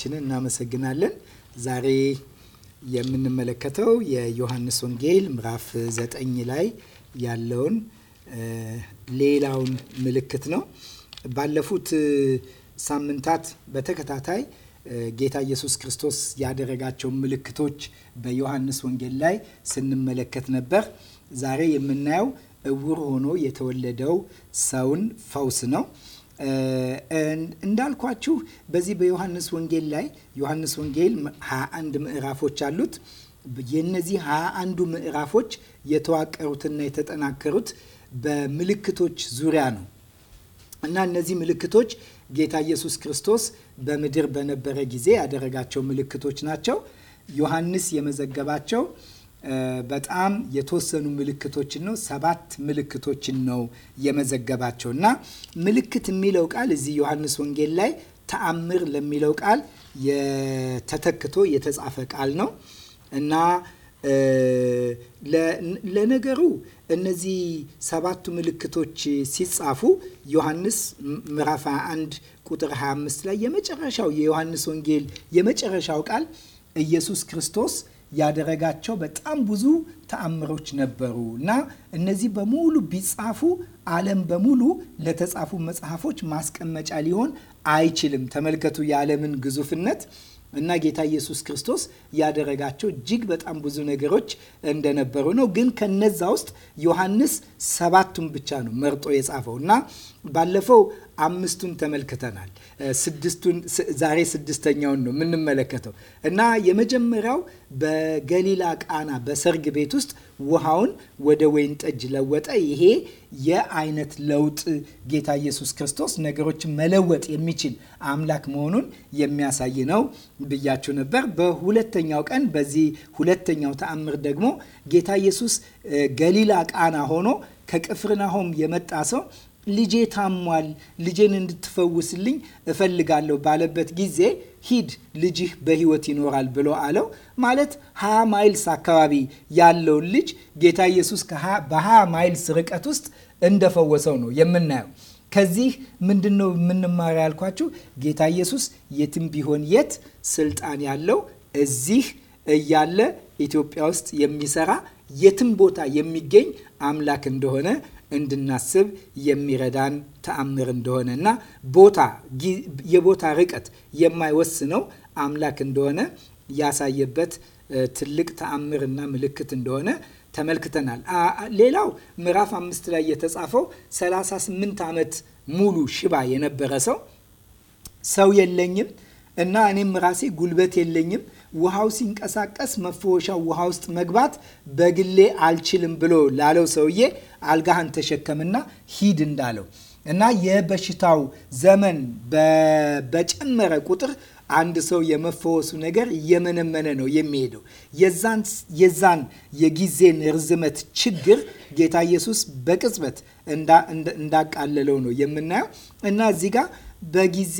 ችንን እናመሰግናለን። ዛሬ የምንመለከተው የዮሐንስ ወንጌል ምዕራፍ ዘጠኝ ላይ ያለውን ሌላውን ምልክት ነው። ባለፉት ሳምንታት በተከታታይ ጌታ ኢየሱስ ክርስቶስ ያደረጋቸው ምልክቶች በዮሐንስ ወንጌል ላይ ስንመለከት ነበር። ዛሬ የምናየው እውር ሆኖ የተወለደው ሰውን ፈውስ ነው። እንዳልኳችሁ በዚህ በዮሐንስ ወንጌል ላይ ዮሐንስ ወንጌል 21 ምዕራፎች አሉት። የነዚህ 21 ምዕራፎች የተዋቀሩትና የተጠናከሩት በምልክቶች ዙሪያ ነው እና እነዚህ ምልክቶች ጌታ ኢየሱስ ክርስቶስ በምድር በነበረ ጊዜ ያደረጋቸው ምልክቶች ናቸው። ዮሐንስ የመዘገባቸው በጣም የተወሰኑ ምልክቶችን ነው ሰባት ምልክቶችን ነው የመዘገባቸው እና ምልክት የሚለው ቃል እዚህ ዮሐንስ ወንጌል ላይ ተአምር ለሚለው ቃል ተተክቶ የተጻፈ ቃል ነው እና ለነገሩ እነዚህ ሰባቱ ምልክቶች ሲጻፉ ዮሐንስ ምዕራፍ 21 ቁጥር 25 ላይ የመጨረሻው የዮሐንስ ወንጌል የመጨረሻው ቃል ኢየሱስ ክርስቶስ ያደረጋቸው በጣም ብዙ ተአምሮች ነበሩ እና እነዚህ በሙሉ ቢጻፉ ዓለም በሙሉ ለተጻፉ መጽሐፎች ማስቀመጫ ሊሆን አይችልም። ተመልከቱ የዓለምን ግዙፍነት እና ጌታ ኢየሱስ ክርስቶስ ያደረጋቸው እጅግ በጣም ብዙ ነገሮች እንደነበሩ ነው። ግን ከነዛ ውስጥ ዮሐንስ ሰባቱን ብቻ ነው መርጦ የጻፈው እና ባለፈው አምስቱን ተመልክተናል። ስድስቱን ዛሬ ስድስተኛውን ነው የምንመለከተው እና የመጀመሪያው በገሊላ ቃና በሰርግ ቤት ውስጥ ውሃውን ወደ ወይን ጠጅ ለወጠ። ይሄ የአይነት ለውጥ ጌታ ኢየሱስ ክርስቶስ ነገሮችን መለወጥ የሚችል አምላክ መሆኑን የሚያሳይ ነው ብያችሁ ነበር። በሁለተኛው ቀን በዚህ ሁለተኛው ተአምር ደግሞ ጌታ ኢየሱስ ገሊላ ቃና ሆኖ ከቅፍርናሆም የመጣ ሰው ልጄ ታሟል፣ ልጄን እንድትፈውስልኝ እፈልጋለሁ ባለበት ጊዜ ሂድ ልጅህ በህይወት ይኖራል ብሎ አለው። ማለት 20 ማይልስ አካባቢ ያለውን ልጅ ጌታ ኢየሱስ በ20 ማይልስ ርቀት ውስጥ እንደፈወሰው ነው የምናየው። ከዚህ ምንድን ነው የምንማር ያልኳችሁ? ጌታ ኢየሱስ የትም ቢሆን የት ስልጣን ያለው እዚህ እያለ ኢትዮጵያ ውስጥ የሚሰራ የትም ቦታ የሚገኝ አምላክ እንደሆነ እንድናስብ የሚረዳን ተአምር እንደሆነ እና ቦታ የቦታ ርቀት የማይወስነው አምላክ እንደሆነ ያሳየበት ትልቅ ተአምርና ምልክት እንደሆነ ተመልክተናል። ሌላው ምዕራፍ አምስት ላይ የተጻፈው 38 ዓመት ሙሉ ሽባ የነበረ ሰው ሰው የለኝም እና እኔም ራሴ ጉልበት የለኝም ውሃው ሲንቀሳቀስ መፈወሻው ውሃ ውስጥ መግባት በግሌ አልችልም ብሎ ላለው ሰውዬ አልጋህን ተሸከምና ሂድ እንዳለው እና የበሽታው ዘመን በጨመረ ቁጥር አንድ ሰው የመፈወሱ ነገር እየመነመነ ነው የሚሄደው። የዛን የጊዜን ርዝመት ችግር ጌታ ኢየሱስ በቅጽበት እንዳቃለለው ነው የምናየው እና እዚህ ጋር በጊዜ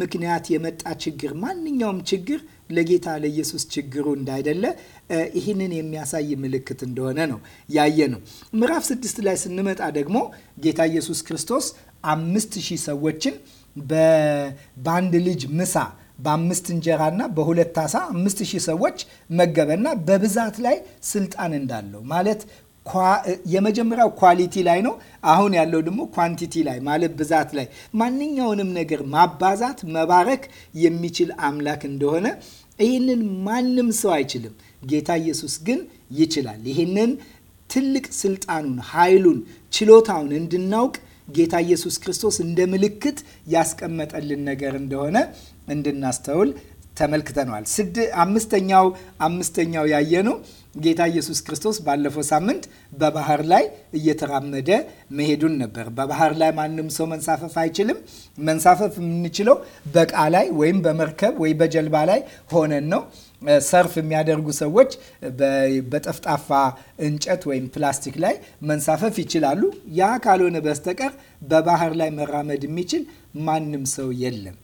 ምክንያት የመጣ ችግር ማንኛውም ችግር ለጌታ ለኢየሱስ ችግሩ እንዳይደለ ይህንን የሚያሳይ ምልክት እንደሆነ ነው ያየ ነው። ምዕራፍ ስድስት ላይ ስንመጣ ደግሞ ጌታ ኢየሱስ ክርስቶስ አምስት ሺህ ሰዎችን በአንድ ልጅ ምሳ በአምስት እንጀራና በሁለት አሳ አምስት ሺህ ሰዎች መገበና በብዛት ላይ ስልጣን እንዳለው ማለት የመጀመሪያው ኳሊቲ ላይ ነው። አሁን ያለው ደግሞ ኳንቲቲ ላይ ማለት ብዛት ላይ ማንኛውንም ነገር ማባዛት መባረክ የሚችል አምላክ እንደሆነ ይህንን ማንም ሰው አይችልም። ጌታ ኢየሱስ ግን ይችላል። ይህንን ትልቅ ስልጣኑን፣ ኃይሉን፣ ችሎታውን እንድናውቅ ጌታ ኢየሱስ ክርስቶስ እንደ ምልክት ያስቀመጠልን ነገር እንደሆነ እንድናስተውል ተመልክተነዋል። አምስተኛው አምስተኛው ያየነው ጌታ ኢየሱስ ክርስቶስ ባለፈው ሳምንት በባህር ላይ እየተራመደ መሄዱን ነበር። በባህር ላይ ማንም ሰው መንሳፈፍ አይችልም። መንሳፈፍ የምንችለው በቃ ላይ ወይም በመርከብ ወይ በጀልባ ላይ ሆነን ነው። ሰርፍ የሚያደርጉ ሰዎች በጠፍጣፋ እንጨት ወይም ፕላስቲክ ላይ መንሳፈፍ ይችላሉ። ያ ካልሆነ በስተቀር በባህር ላይ መራመድ የሚችል ማንም ሰው የለም።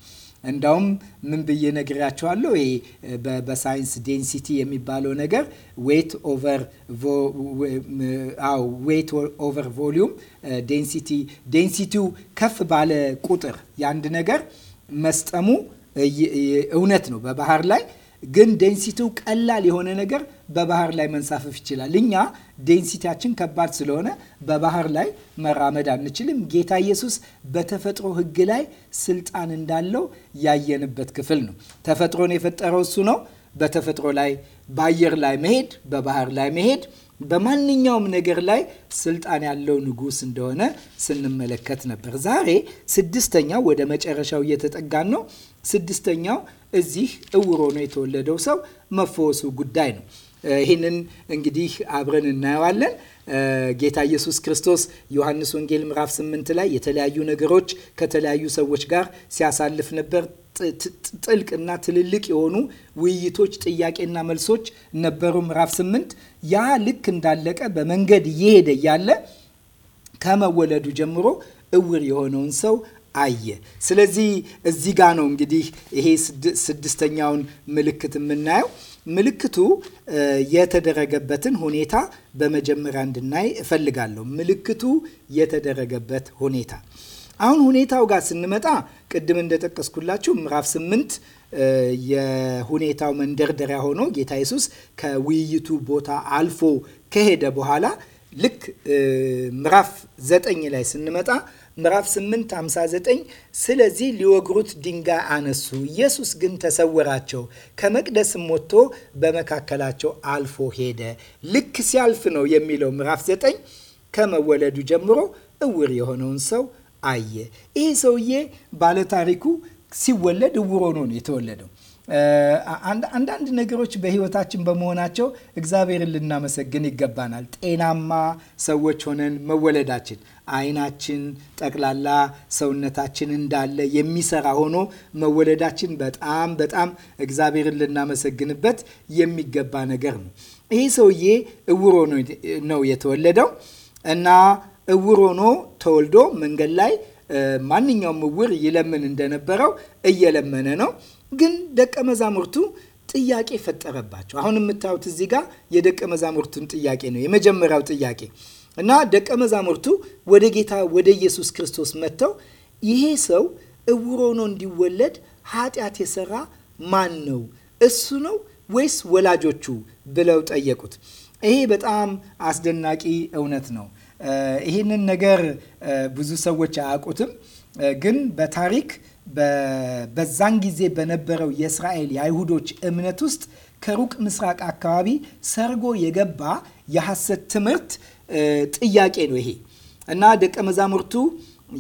እንዳውም ምን ብዬ ነግሬያቸዋለሁ? ይሄ በሳይንስ ዴንሲቲ የሚባለው ነገር ዌት ኦቨር ቮሊዩም ዴንሲቲ ዴንሲቲው ከፍ ባለ ቁጥር የአንድ ነገር መስጠሙ እውነት ነው። በባህር ላይ ግን ዴንሲቲው ቀላል የሆነ ነገር በባህር ላይ መንሳፈፍ ይችላል። እኛ ዴንሲቲያችን ከባድ ስለሆነ በባህር ላይ መራመድ አንችልም። ጌታ ኢየሱስ በተፈጥሮ ሕግ ላይ ስልጣን እንዳለው ያየንበት ክፍል ነው። ተፈጥሮን የፈጠረው እሱ ነው። በተፈጥሮ ላይ በአየር ላይ መሄድ፣ በባህር ላይ መሄድ በማንኛውም ነገር ላይ ስልጣን ያለው ንጉስ እንደሆነ ስንመለከት ነበር። ዛሬ ስድስተኛው ወደ መጨረሻው እየተጠጋን ነው። ስድስተኛው እዚህ እውሮ ነው የተወለደው ሰው መፈወሱ ጉዳይ ነው። ይህንን እንግዲህ አብረን እናየዋለን። ጌታ ኢየሱስ ክርስቶስ ዮሐንስ ወንጌል ምዕራፍ ስምንት ላይ የተለያዩ ነገሮች ከተለያዩ ሰዎች ጋር ሲያሳልፍ ነበር። ጥልቅና ትልልቅ የሆኑ ውይይቶች፣ ጥያቄና መልሶች ነበሩ። ምዕራፍ ስምንት ያ ልክ እንዳለቀ በመንገድ እየሄደ እያለ ከመወለዱ ጀምሮ እውር የሆነውን ሰው አየ። ስለዚህ እዚህ ጋ ነው እንግዲህ ይሄ ስድስተኛውን ምልክት የምናየው ምልክቱ የተደረገበትን ሁኔታ በመጀመሪያ እንድናይ እፈልጋለሁ። ምልክቱ የተደረገበት ሁኔታ አሁን ሁኔታው ጋር ስንመጣ ቅድም እንደጠቀስኩላችሁ ምዕራፍ ስምንት የሁኔታው መንደርደሪያ ሆኖ ጌታ ኢየሱስ ከውይይቱ ቦታ አልፎ ከሄደ በኋላ ልክ ምዕራፍ ዘጠኝ ላይ ስንመጣ ምዕራፍ 8 59 ስለዚህ ሊወግሩት ድንጋይ አነሱ። ኢየሱስ ግን ተሰወራቸው፣ ከመቅደስም ወጥቶ በመካከላቸው አልፎ ሄደ። ልክ ሲያልፍ ነው የሚለው ምዕራፍ 9 ከመወለዱ ጀምሮ እውር የሆነውን ሰው አየ። ይህ ሰውዬ ባለታሪኩ ሲወለድ እውር ሆኖ ነው የተወለደው። አንዳንድ ነገሮች በህይወታችን በመሆናቸው እግዚአብሔርን ልናመሰግን ይገባናል። ጤናማ ሰዎች ሆነን መወለዳችን፣ አይናችን፣ ጠቅላላ ሰውነታችን እንዳለ የሚሰራ ሆኖ መወለዳችን በጣም በጣም እግዚአብሔርን ልናመሰግንበት የሚገባ ነገር ነው። ይህ ሰውዬ እውሮ ነው የተወለደው እና እውሮ ሆኖ ተወልዶ መንገድ ላይ ማንኛውም እውር ይለምን እንደነበረው እየለመነ ነው ግን ደቀ መዛሙርቱ ጥያቄ ፈጠረባቸው። አሁን የምታዩት እዚህ ጋር የደቀ መዛሙርቱን ጥያቄ ነው፣ የመጀመሪያው ጥያቄ እና ደቀ መዛሙርቱ ወደ ጌታ ወደ ኢየሱስ ክርስቶስ መጥተው ይሄ ሰው እውሮ ሆኖ እንዲወለድ ኃጢአት የሰራ ማን ነው? እሱ ነው ወይስ ወላጆቹ ብለው ጠየቁት። ይሄ በጣም አስደናቂ እውነት ነው። ይህንን ነገር ብዙ ሰዎች አያውቁትም፣ ግን በታሪክ በዛን ጊዜ በነበረው የእስራኤል የአይሁዶች እምነት ውስጥ ከሩቅ ምስራቅ አካባቢ ሰርጎ የገባ የሐሰት ትምህርት ጥያቄ ነው ይሄ እና ደቀ መዛሙርቱ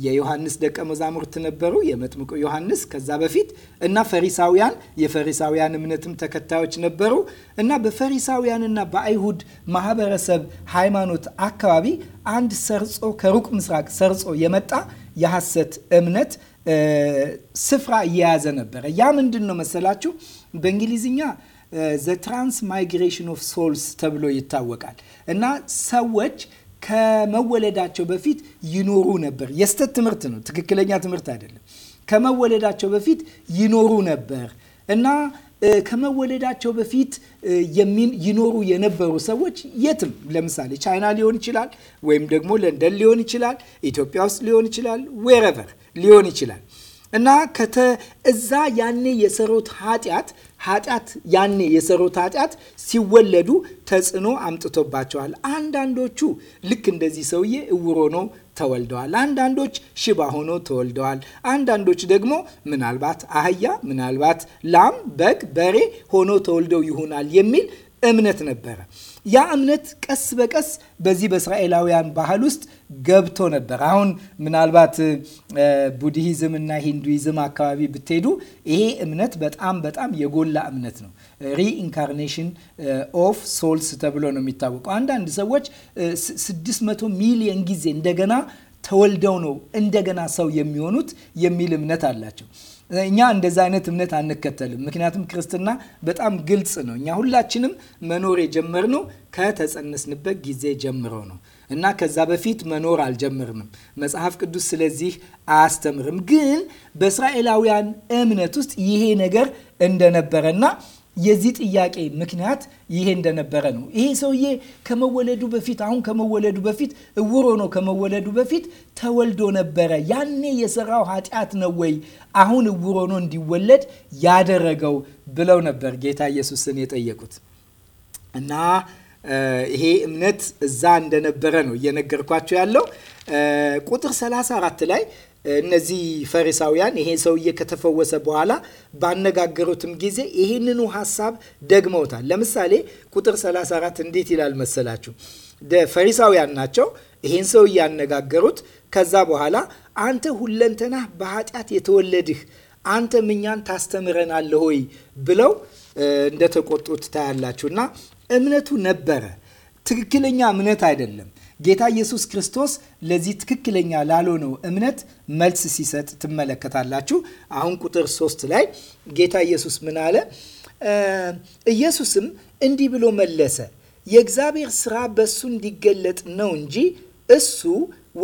የዮሐንስ ደቀ መዛሙርት ነበሩ፣ የመጥምቁ ዮሐንስ ከዛ በፊት እና ፈሪሳውያን የፈሪሳውያን እምነትም ተከታዮች ነበሩ እና በፈሪሳውያንና በአይሁድ ማህበረሰብ ሃይማኖት አካባቢ አንድ ሰርጾ ከሩቅ ምስራቅ ሰርጾ የመጣ የሐሰት እምነት ስፍራ እየያዘ ነበረ። ያ ምንድን ነው መሰላችሁ? በእንግሊዝኛ ዘ ትራንስ ማይግሬሽን ኦፍ ሶልስ ተብሎ ይታወቃል እና ሰዎች ከመወለዳቸው በፊት ይኖሩ ነበር። የስተት ትምህርት ነው፣ ትክክለኛ ትምህርት አይደለም። ከመወለዳቸው በፊት ይኖሩ ነበር እና ከመወለዳቸው በፊት ይኖሩ የነበሩ ሰዎች የትም ለምሳሌ ቻይና ሊሆን ይችላል፣ ወይም ደግሞ ለንደን ሊሆን ይችላል፣ ኢትዮጵያ ውስጥ ሊሆን ይችላል፣ ዌረቨር ሊሆን ይችላል እና ከተ እዛ ያኔ የሰሩት ኃጢአት ኃጢአት ያኔ የሰሩት ኃጢአት ሲወለዱ ተጽዕኖ አምጥቶባቸዋል። አንዳንዶቹ ልክ እንደዚህ ሰውዬ እውር ነው ተወልደዋል። አንዳንዶች ሽባ ሆኖ ተወልደዋል። አንዳንዶች ደግሞ ምናልባት አህያ፣ ምናልባት ላም፣ በግ፣ በሬ ሆኖ ተወልደው ይሆናል የሚል እምነት ነበረ። ያ እምነት ቀስ በቀስ በዚህ በእስራኤላውያን ባህል ውስጥ ገብቶ ነበር። አሁን ምናልባት ቡድሂዝም እና ሂንዱይዝም አካባቢ ብትሄዱ ይሄ እምነት በጣም በጣም የጎላ እምነት ነው። ሪኢንካርኔሽን ኦፍ ሶልስ ተብሎ ነው የሚታወቀው። አንዳንድ ሰዎች 600 ሚሊዮን ጊዜ እንደገና ተወልደው ነው እንደገና ሰው የሚሆኑት የሚል እምነት አላቸው። እኛ እንደዛ አይነት እምነት አንከተልም። ምክንያቱም ክርስትና በጣም ግልጽ ነው። እኛ ሁላችንም መኖር የጀመርነው ከተጸነስንበት ጊዜ ጀምሮ ነው እና ከዛ በፊት መኖር አልጀመርንም። መጽሐፍ ቅዱስ ስለዚህ አያስተምርም። ግን በእስራኤላውያን እምነት ውስጥ ይሄ ነገር እንደነበረና የዚህ ጥያቄ ምክንያት ይሄ እንደነበረ ነው። ይሄ ሰውዬ ከመወለዱ በፊት አሁን ከመወለዱ በፊት እውር ሆኖ ከመወለዱ በፊት ተወልዶ ነበረ። ያኔ የሰራው ኃጢአት ነው ወይ አሁን እውር ሆኖ እንዲወለድ ያደረገው ብለው ነበር ጌታ ኢየሱስን የጠየቁት እና ይሄ እምነት እዛ እንደነበረ ነው እየነገርኳቸው ያለው ቁጥር 34 ላይ እነዚህ ፈሪሳውያን ይሄ ሰውዬ ከተፈወሰ በኋላ ባነጋገሩትም ጊዜ ይህንኑ ሀሳብ ደግመውታል። ለምሳሌ ቁጥር 34 እንዴት ይላል መሰላችሁ? ፈሪሳውያን ናቸው ይህን ሰው ያነጋገሩት። ከዛ በኋላ አንተ ሁለንተናህ በኃጢአት የተወለድህ አንተ ምኛን ታስተምረናለህ ሆይ ብለው እንደተቆጡት ታያላችሁ። እና እምነቱ ነበረ፣ ትክክለኛ እምነት አይደለም ጌታ ኢየሱስ ክርስቶስ ለዚህ ትክክለኛ ላልሆነው እምነት መልስ ሲሰጥ ትመለከታላችሁ። አሁን ቁጥር ሶስት ላይ ጌታ ኢየሱስ ምን አለ? ኢየሱስም እንዲህ ብሎ መለሰ፣ የእግዚአብሔር ስራ በእሱ እንዲገለጥ ነው እንጂ እሱ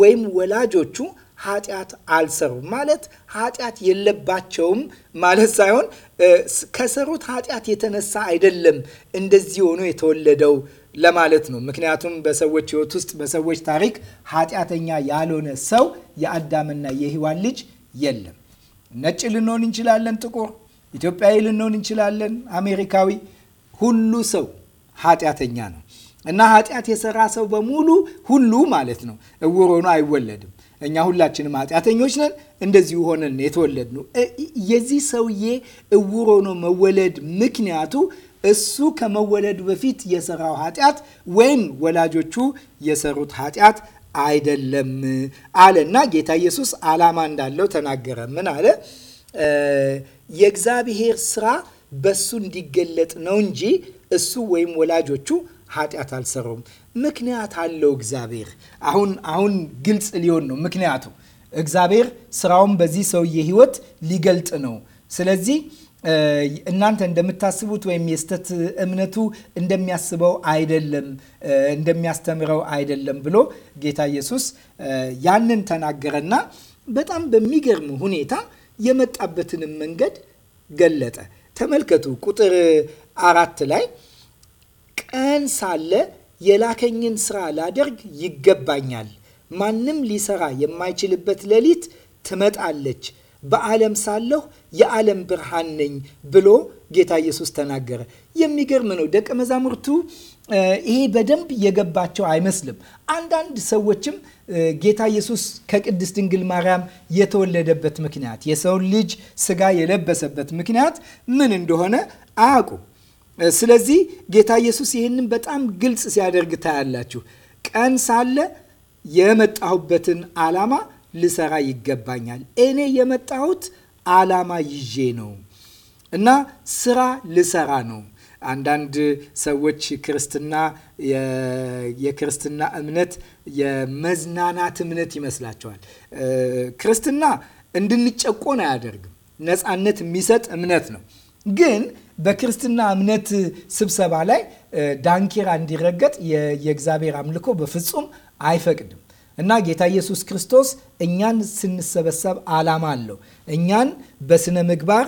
ወይም ወላጆቹ ኃጢአት አልሰሩም። ማለት ኃጢአት የለባቸውም ማለት ሳይሆን ከሰሩት ኃጢአት የተነሳ አይደለም እንደዚህ ሆኖ የተወለደው ለማለት ነው። ምክንያቱም በሰዎች ህይወት ውስጥ በሰዎች ታሪክ ኃጢአተኛ ያልሆነ ሰው የአዳምና የህዋን ልጅ የለም። ነጭ ልንሆን እንችላለን፣ ጥቁር፣ ኢትዮጵያዊ ልንሆን እንችላለን፣ አሜሪካዊ፣ ሁሉ ሰው ኃጢአተኛ ነው እና ኃጢአት የሰራ ሰው በሙሉ ሁሉ ማለት ነው እውር ሆኖ አይወለድም። እኛ ሁላችንም ኃጢአተኞች ነን። እንደዚሁ ሆነን የተወለድ ነው። የዚህ ሰውዬ እውር ሆኖ መወለድ ምክንያቱ እሱ ከመወለዱ በፊት የሰራው ኃጢአት ወይም ወላጆቹ የሰሩት ኃጢአት አይደለም አለ እና ጌታ ኢየሱስ ዓላማ እንዳለው ተናገረ። ምን አለ? የእግዚአብሔር ስራ በሱ እንዲገለጥ ነው እንጂ እሱ ወይም ወላጆቹ ኃጢአት አልሰሩም። ምክንያት አለው እግዚአብሔር። አሁን አሁን ግልጽ ሊሆን ነው ምክንያቱ። እግዚአብሔር ስራውን በዚህ ሰውዬ ህይወት ሊገልጥ ነው። ስለዚህ እናንተ እንደምታስቡት ወይም የስተት እምነቱ እንደሚያስበው አይደለም፣ እንደሚያስተምረው አይደለም ብሎ ጌታ ኢየሱስ ያንን ተናገረና በጣም በሚገርም ሁኔታ የመጣበትንም መንገድ ገለጠ። ተመልከቱ ቁጥር አራት ላይ ቀን ሳለ የላከኝን ስራ ላደርግ ይገባኛል። ማንም ሊሰራ የማይችልበት ሌሊት ትመጣለች በዓለም ሳለሁ የዓለም ብርሃን ነኝ ብሎ ጌታ ኢየሱስ ተናገረ። የሚገርም ነው። ደቀ መዛሙርቱ ይሄ በደንብ የገባቸው አይመስልም። አንዳንድ ሰዎችም ጌታ ኢየሱስ ከቅድስት ድንግል ማርያም የተወለደበት ምክንያት፣ የሰውን ልጅ ስጋ የለበሰበት ምክንያት ምን እንደሆነ አያውቁ። ስለዚህ ጌታ ኢየሱስ ይህንን በጣም ግልጽ ሲያደርግ ታያላችሁ። ቀን ሳለ የመጣሁበትን ዓላማ ልሰራ ይገባኛል። እኔ የመጣሁት አላማ ይዤ ነው እና ስራ ልሰራ ነው። አንዳንድ ሰዎች ክርስትና የክርስትና እምነት የመዝናናት እምነት ይመስላቸዋል። ክርስትና እንድንጨቆን አያደርግም። ነፃነት የሚሰጥ እምነት ነው። ግን በክርስትና እምነት ስብሰባ ላይ ዳንኪራ እንዲረገጥ የእግዚአብሔር አምልኮ በፍጹም አይፈቅድም። እና ጌታ ኢየሱስ ክርስቶስ እኛን ስንሰበሰብ ዓላማ አለው። እኛን በስነ ምግባር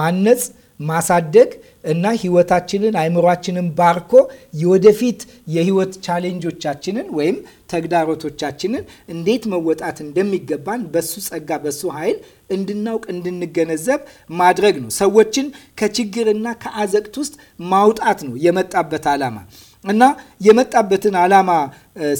ማነጽ፣ ማሳደግ እና ህይወታችንን አይምሯችንን ባርኮ የወደፊት የህይወት ቻሌንጆቻችንን ወይም ተግዳሮቶቻችንን እንዴት መወጣት እንደሚገባን በሱ ጸጋ በሱ ኃይል እንድናውቅ እንድንገነዘብ ማድረግ ነው። ሰዎችን ከችግርና ከአዘቅት ውስጥ ማውጣት ነው የመጣበት ዓላማ እና የመጣበትን ዓላማ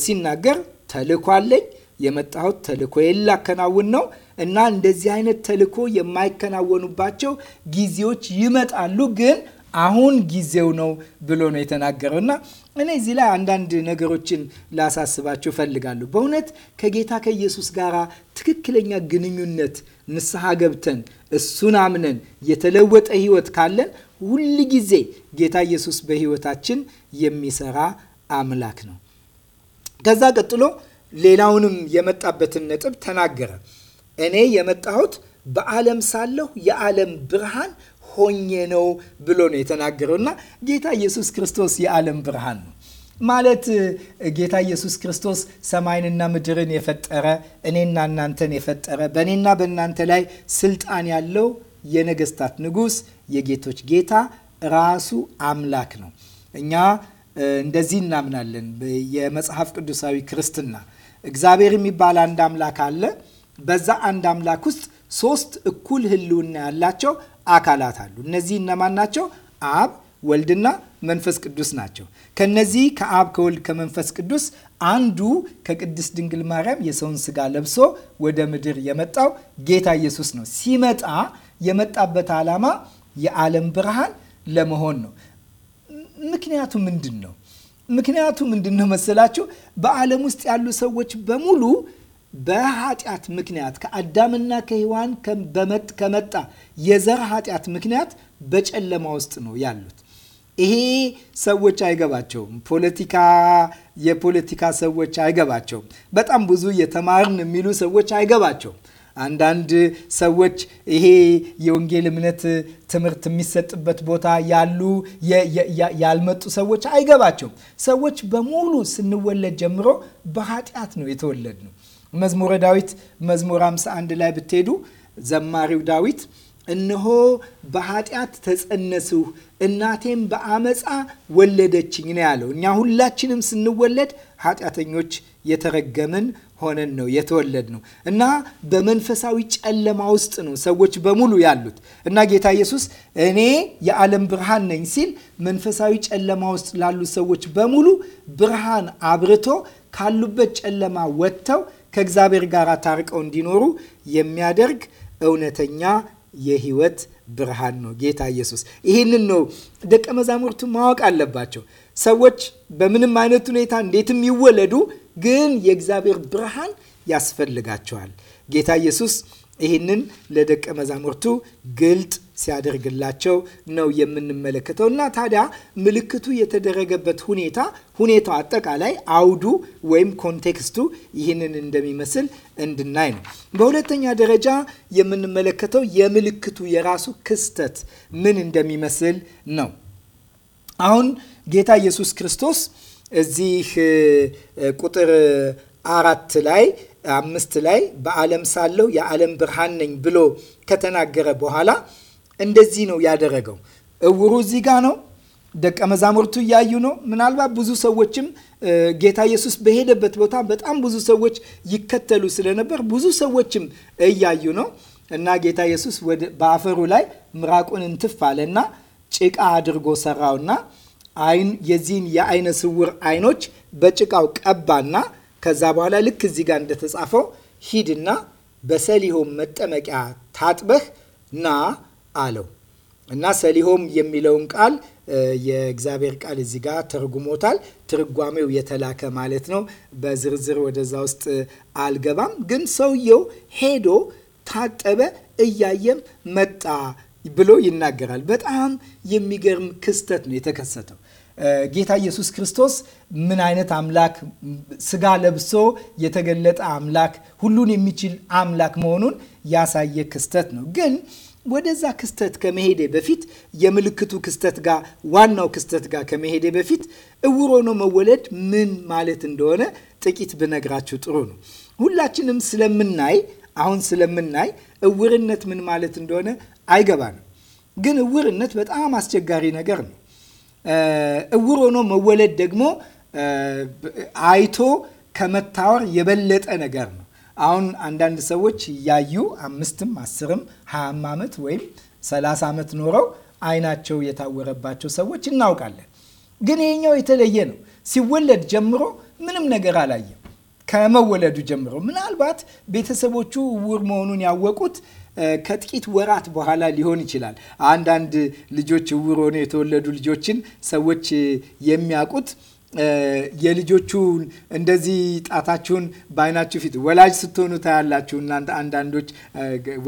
ሲናገር ተልኮ አለኝ የመጣሁት ተልኮ ላከናውን ነው እና እንደዚህ አይነት ተልኮ የማይከናወኑባቸው ጊዜዎች ይመጣሉ ግን አሁን ጊዜው ነው ብሎ ነው የተናገረው። እና እኔ እዚህ ላይ አንዳንድ ነገሮችን ላሳስባችሁ እፈልጋለሁ። በእውነት ከጌታ ከኢየሱስ ጋር ትክክለኛ ግንኙነት ንስሐ ገብተን እሱን አምነን የተለወጠ ህይወት ካለን ሁል ጊዜ ጌታ ኢየሱስ በህይወታችን የሚሰራ አምላክ ነው። ከዛ ቀጥሎ ሌላውንም የመጣበትን ነጥብ ተናገረ። እኔ የመጣሁት በዓለም ሳለሁ የዓለም ብርሃን ሆኜ ነው ብሎ ነው የተናገረው እና ጌታ ኢየሱስ ክርስቶስ የዓለም ብርሃን ነው ማለት ጌታ ኢየሱስ ክርስቶስ ሰማይንና ምድርን የፈጠረ እኔና እናንተን የፈጠረ በእኔና በእናንተ ላይ ስልጣን ያለው የነገስታት ንጉስ የጌቶች ጌታ ራሱ አምላክ ነው። እኛ እንደዚህ እናምናለን። የመጽሐፍ ቅዱሳዊ ክርስትና እግዚአብሔር የሚባል አንድ አምላክ አለ። በዛ አንድ አምላክ ውስጥ ሶስት እኩል ህልውና ያላቸው አካላት አሉ። እነዚህ እነማን ናቸው? አብ ወልድና መንፈስ ቅዱስ ናቸው። ከነዚህ ከአብ ከወልድ ከመንፈስ ቅዱስ አንዱ ከቅድስት ድንግል ማርያም የሰውን ስጋ ለብሶ ወደ ምድር የመጣው ጌታ ኢየሱስ ነው። ሲመጣ የመጣበት ዓላማ የዓለም ብርሃን ለመሆን ነው። ምክንያቱ ምንድን ነው? ምክንያቱ ምንድን ነው መሰላችሁ? በዓለም ውስጥ ያሉ ሰዎች በሙሉ በኃጢአት ምክንያት ከአዳምና ከሔዋን ከመጣ የዘር ኃጢአት ምክንያት በጨለማ ውስጥ ነው ያሉት። ይሄ ሰዎች አይገባቸውም። ፖለቲካ የፖለቲካ ሰዎች አይገባቸውም። በጣም ብዙ የተማርን የሚሉ ሰዎች አይገባቸውም። አንዳንድ ሰዎች ይሄ የወንጌል እምነት ትምህርት የሚሰጥበት ቦታ ያሉ ያልመጡ ሰዎች አይገባቸውም። ሰዎች በሙሉ ስንወለድ ጀምሮ በኃጢአት ነው የተወለድ ነው። መዝሙረ ዳዊት መዝሙር 51 ላይ ብትሄዱ ዘማሪው ዳዊት እነሆ በኃጢአት ተጸነስሁ እናቴም በአመፃ ወለደችኝ ነው ያለው። እኛ ሁላችንም ስንወለድ ኃጢአተኞች የተረገምን ሆነን ነው የተወለድ ነው እና በመንፈሳዊ ጨለማ ውስጥ ነው ሰዎች በሙሉ ያሉት እና ጌታ ኢየሱስ እኔ የዓለም ብርሃን ነኝ ሲል መንፈሳዊ ጨለማ ውስጥ ላሉ ሰዎች በሙሉ ብርሃን አብርቶ ካሉበት ጨለማ ወጥተው ከእግዚአብሔር ጋር ታርቀው እንዲኖሩ የሚያደርግ እውነተኛ የህይወት ብርሃን ነው ጌታ ኢየሱስ። ይህንን ነው ደቀ መዛሙርቱ ማወቅ አለባቸው። ሰዎች በምንም አይነት ሁኔታ እንዴትም ይወለዱ ግን የእግዚአብሔር ብርሃን ያስፈልጋቸዋል። ጌታ ኢየሱስ ይህንን ለደቀ መዛሙርቱ ግልጥ ሲያደርግላቸው ነው የምንመለከተው። እና ታዲያ ምልክቱ የተደረገበት ሁኔታ ሁኔታው አጠቃላይ አውዱ ወይም ኮንቴክስቱ ይህንን እንደሚመስል እንድናይ ነው። በሁለተኛ ደረጃ የምንመለከተው የምልክቱ የራሱ ክስተት ምን እንደሚመስል ነው። አሁን ጌታ ኢየሱስ ክርስቶስ እዚህ ቁጥር አራት ላይ አምስት ላይ በዓለም ሳለው የዓለም ብርሃን ነኝ ብሎ ከተናገረ በኋላ እንደዚህ ነው ያደረገው። እውሩ እዚህ ጋ ነው። ደቀ መዛሙርቱ እያዩ ነው። ምናልባት ብዙ ሰዎችም ጌታ ኢየሱስ በሄደበት ቦታ በጣም ብዙ ሰዎች ይከተሉ ስለነበር ብዙ ሰዎችም እያዩ ነው እና ጌታ ኢየሱስ በአፈሩ ላይ ምራቁን እንትፍ አለና ጭቃ አድርጎ ሰራውና አይን የዚህን የአይነ ስውር አይኖች በጭቃው ቀባና ከዛ በኋላ ልክ እዚህ ጋር እንደተጻፈው ሂድና በሰሊሆም መጠመቂያ ታጥበህ ና አለው እና ሰሊሆም የሚለውን ቃል የእግዚአብሔር ቃል እዚህ ጋር ተርጉሞታል። ትርጓሜው የተላከ ማለት ነው። በዝርዝር ወደዛ ውስጥ አልገባም። ግን ሰውየው ሄዶ ታጠበ፣ እያየም መጣ ብሎ ይናገራል። በጣም የሚገርም ክስተት ነው የተከሰተው። ጌታ ኢየሱስ ክርስቶስ ምን አይነት አምላክ ስጋ ለብሶ የተገለጠ አምላክ ሁሉን የሚችል አምላክ መሆኑን ያሳየ ክስተት ነው። ግን ወደዛ ክስተት ከመሄዴ በፊት የምልክቱ ክስተት ጋር ዋናው ክስተት ጋር ከመሄዴ በፊት እውር ሆኖ መወለድ ምን ማለት እንደሆነ ጥቂት ብነግራችሁ ጥሩ ነው። ሁላችንም ስለምናይ አሁን ስለምናይ እውርነት ምን ማለት እንደሆነ አይገባንም። ግን እውርነት በጣም አስቸጋሪ ነገር ነው። እውር ሆኖ መወለድ ደግሞ አይቶ ከመታወር የበለጠ ነገር ነው። አሁን አንዳንድ ሰዎች እያዩ አምስትም አስርም ሀያም ዓመት ወይም ሰላሳ ዓመት ኖረው አይናቸው የታወረባቸው ሰዎች እናውቃለን። ግን ይሄኛው የተለየ ነው። ሲወለድ ጀምሮ ምንም ነገር አላየም። ከመወለዱ ጀምሮ ምናልባት ቤተሰቦቹ እውር መሆኑን ያወቁት ከጥቂት ወራት በኋላ ሊሆን ይችላል። አንዳንድ ልጆች ዕውር ሆነው የተወለዱ ልጆችን ሰዎች የሚያውቁት የልጆቹን እንደዚህ ጣታችሁን በአይናችሁ ፊት ወላጅ ስትሆኑ ታያላችሁ። እናንተ አንዳንዶች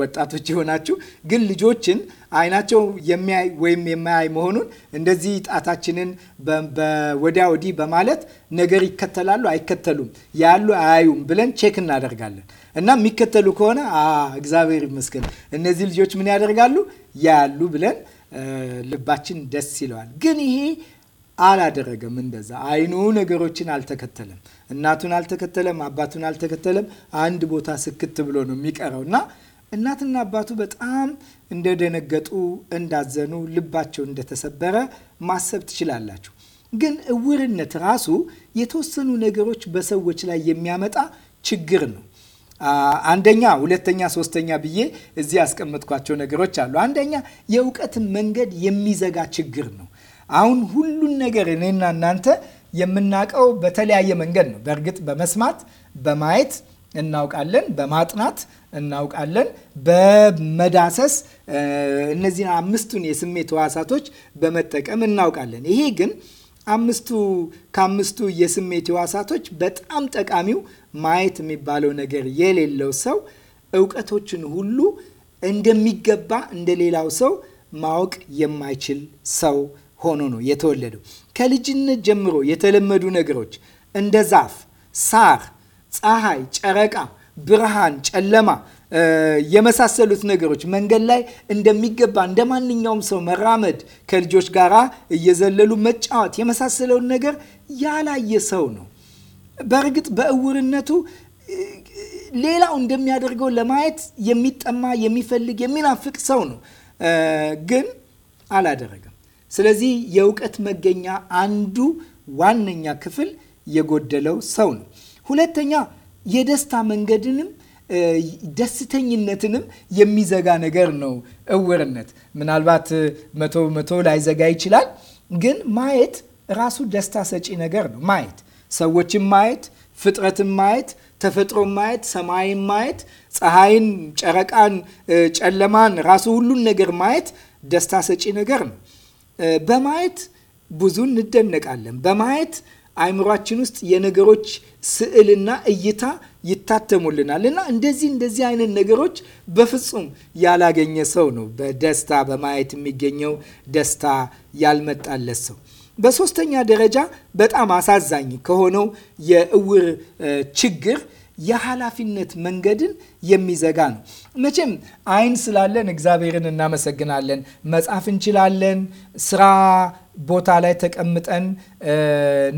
ወጣቶች የሆናችሁ ግን ልጆችን አይናቸው የሚያይ ወይም የማያይ መሆኑን እንደዚህ ጣታችንን ወዲያ ወዲህ በማለት ነገር ይከተላሉ አይከተሉም፣ ያሉ አያዩም ብለን ቼክ እናደርጋለን። እና የሚከተሉ ከሆነ እግዚአብሔር ይመስገን እነዚህ ልጆች ምን ያደርጋሉ ያሉ ብለን ልባችን ደስ ይለዋል። ግን ይሄ አላደረገም። እንደዛ አይኑ ነገሮችን አልተከተለም። እናቱን አልተከተለም። አባቱን አልተከተለም። አንድ ቦታ ስክት ብሎ ነው የሚቀረው እና እናትና አባቱ በጣም እንደደነገጡ፣ እንዳዘኑ፣ ልባቸው እንደተሰበረ ማሰብ ትችላላችሁ። ግን እውርነት ራሱ የተወሰኑ ነገሮች በሰዎች ላይ የሚያመጣ ችግር ነው። አንደኛ፣ ሁለተኛ፣ ሶስተኛ ብዬ እዚህ ያስቀመጥኳቸው ነገሮች አሉ። አንደኛ የእውቀት መንገድ የሚዘጋ ችግር ነው። አሁን ሁሉን ነገር እኔና እናንተ የምናውቀው በተለያየ መንገድ ነው። በእርግጥ በመስማት በማየት እናውቃለን፣ በማጥናት እናውቃለን፣ በመዳሰስ እነዚህን አምስቱን የስሜት ህዋሳቶች በመጠቀም እናውቃለን። ይሄ ግን አምስቱ ከአምስቱ የስሜት ህዋሳቶች በጣም ጠቃሚው ማየት የሚባለው ነገር የሌለው ሰው እውቀቶችን ሁሉ እንደሚገባ እንደሌላው ሰው ማወቅ የማይችል ሰው ሆኖ ነው የተወለደው። ከልጅነት ጀምሮ የተለመዱ ነገሮች እንደ ዛፍ፣ ሳር፣ ፀሐይ፣ ጨረቃ፣ ብርሃን፣ ጨለማ የመሳሰሉት ነገሮች መንገድ ላይ እንደሚገባ እንደ ማንኛውም ሰው መራመድ፣ ከልጆች ጋር እየዘለሉ መጫወት የመሳሰለውን ነገር ያላየ ሰው ነው። በእርግጥ በእውርነቱ ሌላው እንደሚያደርገው ለማየት የሚጠማ የሚፈልግ የሚናፍቅ ሰው ነው፣ ግን አላደረገም። ስለዚህ የእውቀት መገኛ አንዱ ዋነኛ ክፍል የጎደለው ሰው ነው። ሁለተኛ የደስታ መንገድንም ደስተኝነትንም የሚዘጋ ነገር ነው እውርነት። ምናልባት መቶ መቶ ላይዘጋ ይችላል፣ ግን ማየት ራሱ ደስታ ሰጪ ነገር ነው። ማየት ሰዎችን ማየት፣ ፍጥረትን ማየት፣ ተፈጥሮን ማየት፣ ሰማይን ማየት፣ ፀሐይን፣ ጨረቃን፣ ጨለማን ራሱ ሁሉን ነገር ማየት ደስታ ሰጪ ነገር ነው። በማየት ብዙ እንደነቃለን። በማየት አይምሯችን ውስጥ የነገሮች ስዕልና እይታ ይታተሙልናል እና እንደዚህ እንደዚህ አይነት ነገሮች በፍጹም ያላገኘ ሰው ነው በደስታ በማየት የሚገኘው ደስታ ያልመጣለት ሰው። በሶስተኛ ደረጃ በጣም አሳዛኝ ከሆነው የእውር ችግር የኃላፊነት መንገድን የሚዘጋ ነው። መቼም አይን ስላለን እግዚአብሔርን እናመሰግናለን። መጻፍ እንችላለን። ስራ ቦታ ላይ ተቀምጠን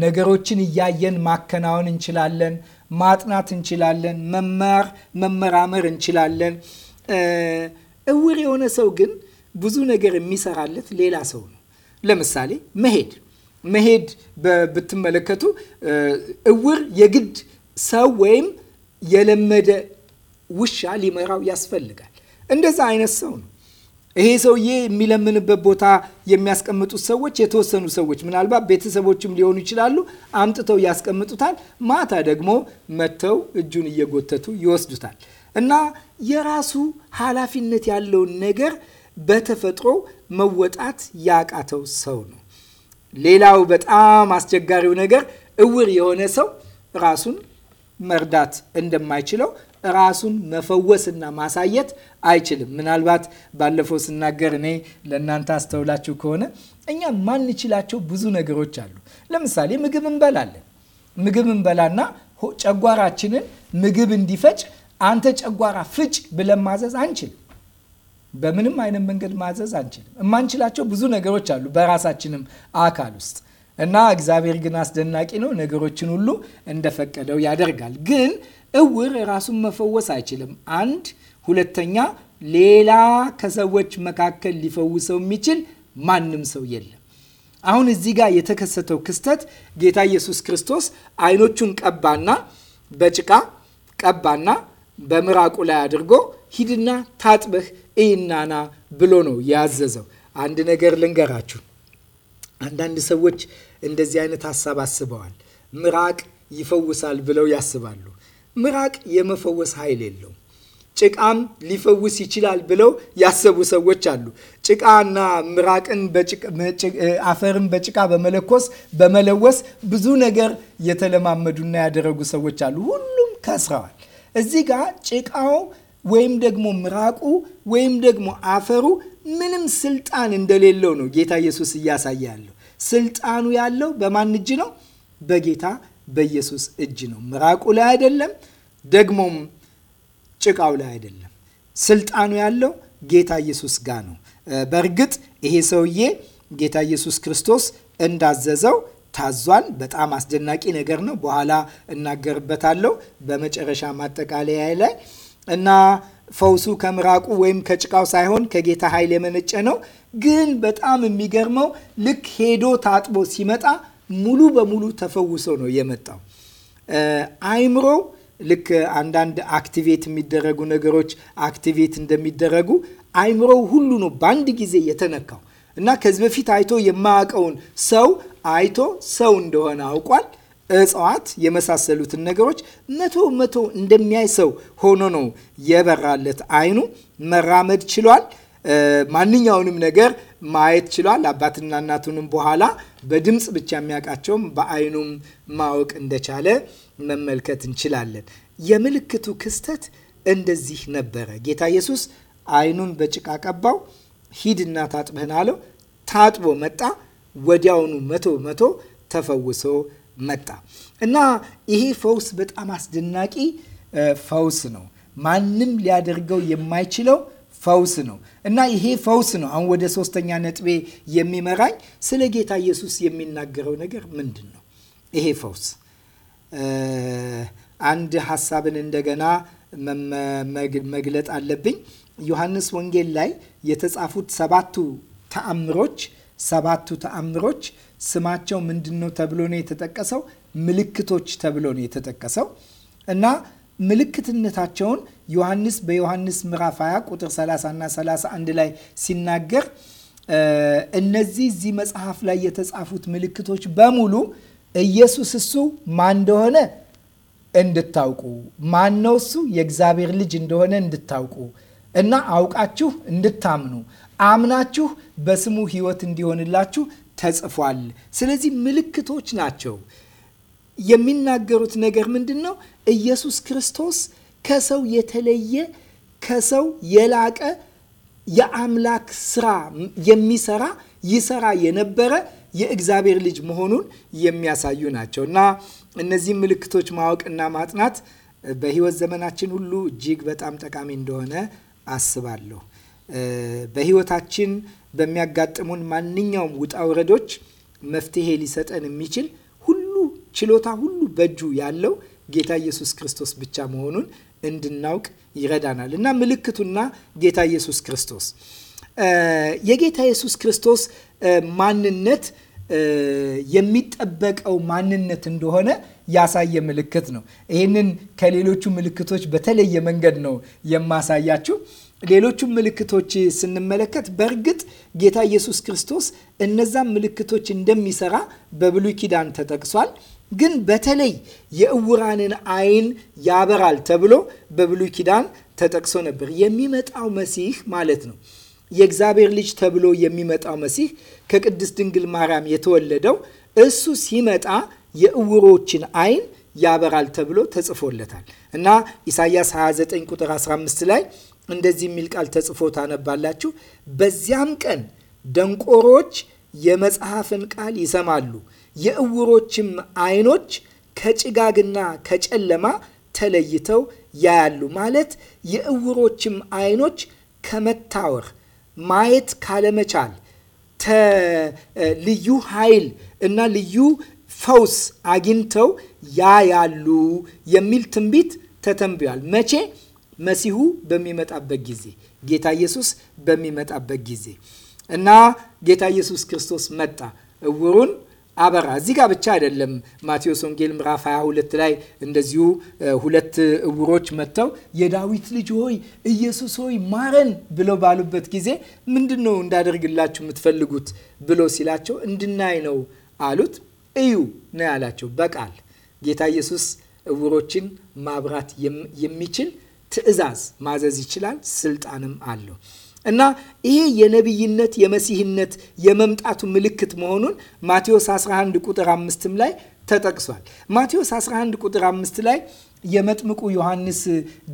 ነገሮችን እያየን ማከናወን እንችላለን። ማጥናት እንችላለን። መማር መመራመር እንችላለን። እውር የሆነ ሰው ግን ብዙ ነገር የሚሰራለት ሌላ ሰው ነው። ለምሳሌ መሄድ መሄድ ብትመለከቱ እውር የግድ ሰው ወይም የለመደ ውሻ ሊመራው ያስፈልጋል። እንደዛ አይነት ሰው ነው። ይሄ ሰውዬ የሚለምንበት ቦታ የሚያስቀምጡት ሰዎች የተወሰኑ ሰዎች ምናልባት ቤተሰቦችም ሊሆኑ ይችላሉ። አምጥተው ያስቀምጡታል። ማታ ደግሞ መጥተው እጁን እየጎተቱ ይወስዱታል። እና የራሱ ኃላፊነት ያለውን ነገር በተፈጥሮ መወጣት ያቃተው ሰው ነው። ሌላው በጣም አስቸጋሪው ነገር እውር የሆነ ሰው ራሱን መርዳት እንደማይችለው ራሱን መፈወስና ማሳየት አይችልም። ምናልባት ባለፈው ስናገር እኔ ለእናንተ አስተውላችሁ ከሆነ እኛ ማንችላቸው ብዙ ነገሮች አሉ። ለምሳሌ ምግብ እንበላለን። ምግብ እንበላና ጨጓራችንን ምግብ እንዲፈጭ አንተ ጨጓራ ፍጭ ብለን ማዘዝ አንችልም። በምንም አይነት መንገድ ማዘዝ አንችልም። የማንችላቸው ብዙ ነገሮች አሉ በራሳችንም አካል ውስጥ እና እግዚአብሔር ግን አስደናቂ ነው። ነገሮችን ሁሉ እንደፈቀደው ያደርጋል። ግን እውር ራሱን መፈወስ አይችልም። አንድ ሁለተኛ፣ ሌላ ከሰዎች መካከል ሊፈውሰው የሚችል ማንም ሰው የለም። አሁን እዚህ ጋር የተከሰተው ክስተት ጌታ ኢየሱስ ክርስቶስ አይኖቹን ቀባና በጭቃ ቀባና በምራቁ ላይ አድርጎ ሂድና ታጥበህ እይናና ብሎ ነው ያዘዘው። አንድ ነገር ልንገራችሁ አንዳንድ ሰዎች እንደዚህ አይነት ሀሳብ አስበዋል። ምራቅ ይፈውሳል ብለው ያስባሉ። ምራቅ የመፈወስ ኃይል የለውም። ጭቃም ሊፈውስ ይችላል ብለው ያሰቡ ሰዎች አሉ። ጭቃና ምራቅን አፈርን በጭቃ በመለኮስ በመለወስ ብዙ ነገር የተለማመዱና ያደረጉ ሰዎች አሉ። ሁሉም ከስረዋል። እዚህ ጋር ጭቃው ወይም ደግሞ ምራቁ ወይም ደግሞ አፈሩ ምንም ስልጣን እንደሌለው ነው ጌታ ኢየሱስ እያሳያለሁ ስልጣኑ ያለው በማን እጅ ነው? በጌታ በኢየሱስ እጅ ነው። ምራቁ ላይ አይደለም፣ ደግሞም ጭቃው ላይ አይደለም። ስልጣኑ ያለው ጌታ ኢየሱስ ጋ ነው። በእርግጥ ይሄ ሰውዬ ጌታ ኢየሱስ ክርስቶስ እንዳዘዘው ታዟል። በጣም አስደናቂ ነገር ነው። በኋላ እናገርበታለሁ በመጨረሻ ማጠቃለያ ላይ እና ፈውሱ ከምራቁ ወይም ከጭቃው ሳይሆን ከጌታ ኃይል የመነጨ ነው። ግን በጣም የሚገርመው ልክ ሄዶ ታጥቦ ሲመጣ ሙሉ በሙሉ ተፈውሶ ነው የመጣው። አይምሮ ልክ አንዳንድ አክቲቬት የሚደረጉ ነገሮች አክቲቬት እንደሚደረጉ አይምሮ ሁሉ ነው በአንድ ጊዜ የተነካው እና ከዚህ በፊት አይቶ የማያውቀውን ሰው አይቶ ሰው እንደሆነ አውቋል። እጽዋት የመሳሰሉትን ነገሮች መቶ መቶ እንደሚያይ ሰው ሆኖ ነው የበራለት። አይኑ መራመድ ችሏል። ማንኛውንም ነገር ማየት ችሏል። አባትና እናቱንም በኋላ በድምፅ ብቻ የሚያውቃቸውም በአይኑም ማወቅ እንደቻለ መመልከት እንችላለን። የምልክቱ ክስተት እንደዚህ ነበረ። ጌታ ኢየሱስ አይኑን በጭቃ ቀባው። ሂድና ታጥበህን አለው። ታጥቦ መጣ። ወዲያውኑ መቶ መቶ ተፈውሶ መጣ እና ይሄ ፈውስ በጣም አስደናቂ ፈውስ ነው። ማንም ሊያደርገው የማይችለው ፈውስ ነው እና ይሄ ፈውስ ነው። አሁን ወደ ሶስተኛ ነጥቤ የሚመራኝ ስለ ጌታ ኢየሱስ የሚናገረው ነገር ምንድን ነው? ይሄ ፈውስ አንድ ሀሳብን እንደገና መግለጥ አለብኝ። ዮሐንስ ወንጌል ላይ የተጻፉት ሰባቱ ተአምሮች ሰባቱ ተአምሮች ስማቸው ምንድን ነው ተብሎ ነው የተጠቀሰው? ምልክቶች ተብሎ ነው የተጠቀሰው እና ምልክትነታቸውን ዮሐንስ በዮሐንስ ምዕራፍ 20 ቁጥር 30 እና 31 ላይ ሲናገር እነዚህ እዚህ መጽሐፍ ላይ የተጻፉት ምልክቶች በሙሉ ኢየሱስ እሱ ማን እንደሆነ እንድታውቁ ማን ነው እሱ የእግዚአብሔር ልጅ እንደሆነ እንድታውቁ እና አውቃችሁ እንድታምኑ አምናችሁ በስሙ ሕይወት እንዲሆንላችሁ ተጽፏል። ስለዚህ ምልክቶች ናቸው። የሚናገሩት ነገር ምንድን ነው? ኢየሱስ ክርስቶስ ከሰው የተለየ ከሰው የላቀ የአምላክ ስራ የሚሰራ ይሰራ የነበረ የእግዚአብሔር ልጅ መሆኑን የሚያሳዩ ናቸው እና እነዚህ ምልክቶች ማወቅና ማጥናት በህይወት ዘመናችን ሁሉ እጅግ በጣም ጠቃሚ እንደሆነ አስባለሁ። በህይወታችን በሚያጋጥሙን ማንኛውም ውጣ ውረዶች መፍትሄ ሊሰጠን የሚችል ሁሉ ችሎታ ሁሉ በእጁ ያለው ጌታ ኢየሱስ ክርስቶስ ብቻ መሆኑን እንድናውቅ ይረዳናል እና ምልክቱና ጌታ ኢየሱስ ክርስቶስ የጌታ ኢየሱስ ክርስቶስ ማንነት የሚጠበቀው ማንነት እንደሆነ ያሳየ ምልክት ነው። ይህንን ከሌሎቹ ምልክቶች በተለየ መንገድ ነው የማሳያችሁ። ሌሎቹም ምልክቶች ስንመለከት በእርግጥ ጌታ ኢየሱስ ክርስቶስ እነዛን ምልክቶች እንደሚሰራ በብሉይ ኪዳን ተጠቅሷል። ግን በተለይ የእውራንን ዓይን ያበራል ተብሎ በብሉይ ኪዳን ተጠቅሶ ነበር። የሚመጣው መሲህ ማለት ነው የእግዚአብሔር ልጅ ተብሎ የሚመጣው መሲህ ከቅድስት ድንግል ማርያም የተወለደው እሱ ሲመጣ የእውሮችን ዓይን ያበራል ተብሎ ተጽፎለታል እና ኢሳያስ 29 ቁጥር 15 ላይ እንደዚህ የሚል ቃል ተጽፎ ታነባላችሁ። በዚያም ቀን ደንቆሮች የመጽሐፍን ቃል ይሰማሉ፣ የእውሮችም አይኖች ከጭጋግና ከጨለማ ተለይተው ያያሉ። ማለት የእውሮችም አይኖች ከመታወር ማየት ካለመቻል ልዩ ኃይል እና ልዩ ፈውስ አግኝተው ያያሉ የሚል ትንቢት ተተንብዮአል። መቼ መሲሁ በሚመጣበት ጊዜ ጌታ ኢየሱስ በሚመጣበት ጊዜ እና ጌታ ኢየሱስ ክርስቶስ መጣ እውሩን አበራ። እዚህ ጋር ብቻ አይደለም። ማቴዎስ ወንጌል ምዕራፍ 22 ላይ እንደዚሁ ሁለት እውሮች መጥተው የዳዊት ልጅ ሆይ ኢየሱስ ሆይ ማረን ብለው ባሉበት ጊዜ ምንድን ነው እንዳደርግላችሁ የምትፈልጉት ብሎ ሲላቸው እንድናይ ነው አሉት። እዩ ነው ያላቸው በቃል ጌታ ኢየሱስ እውሮችን ማብራት የሚችል ትእዛዝ ማዘዝ ይችላል፣ ስልጣንም አለው እና ይሄ የነቢይነት የመሲህነት የመምጣቱ ምልክት መሆኑን ማቴዎስ 11 ቁጥር 5 ላይ ተጠቅሷል። ማቴዎስ 11 ቁጥር አምስት ላይ የመጥምቁ ዮሐንስ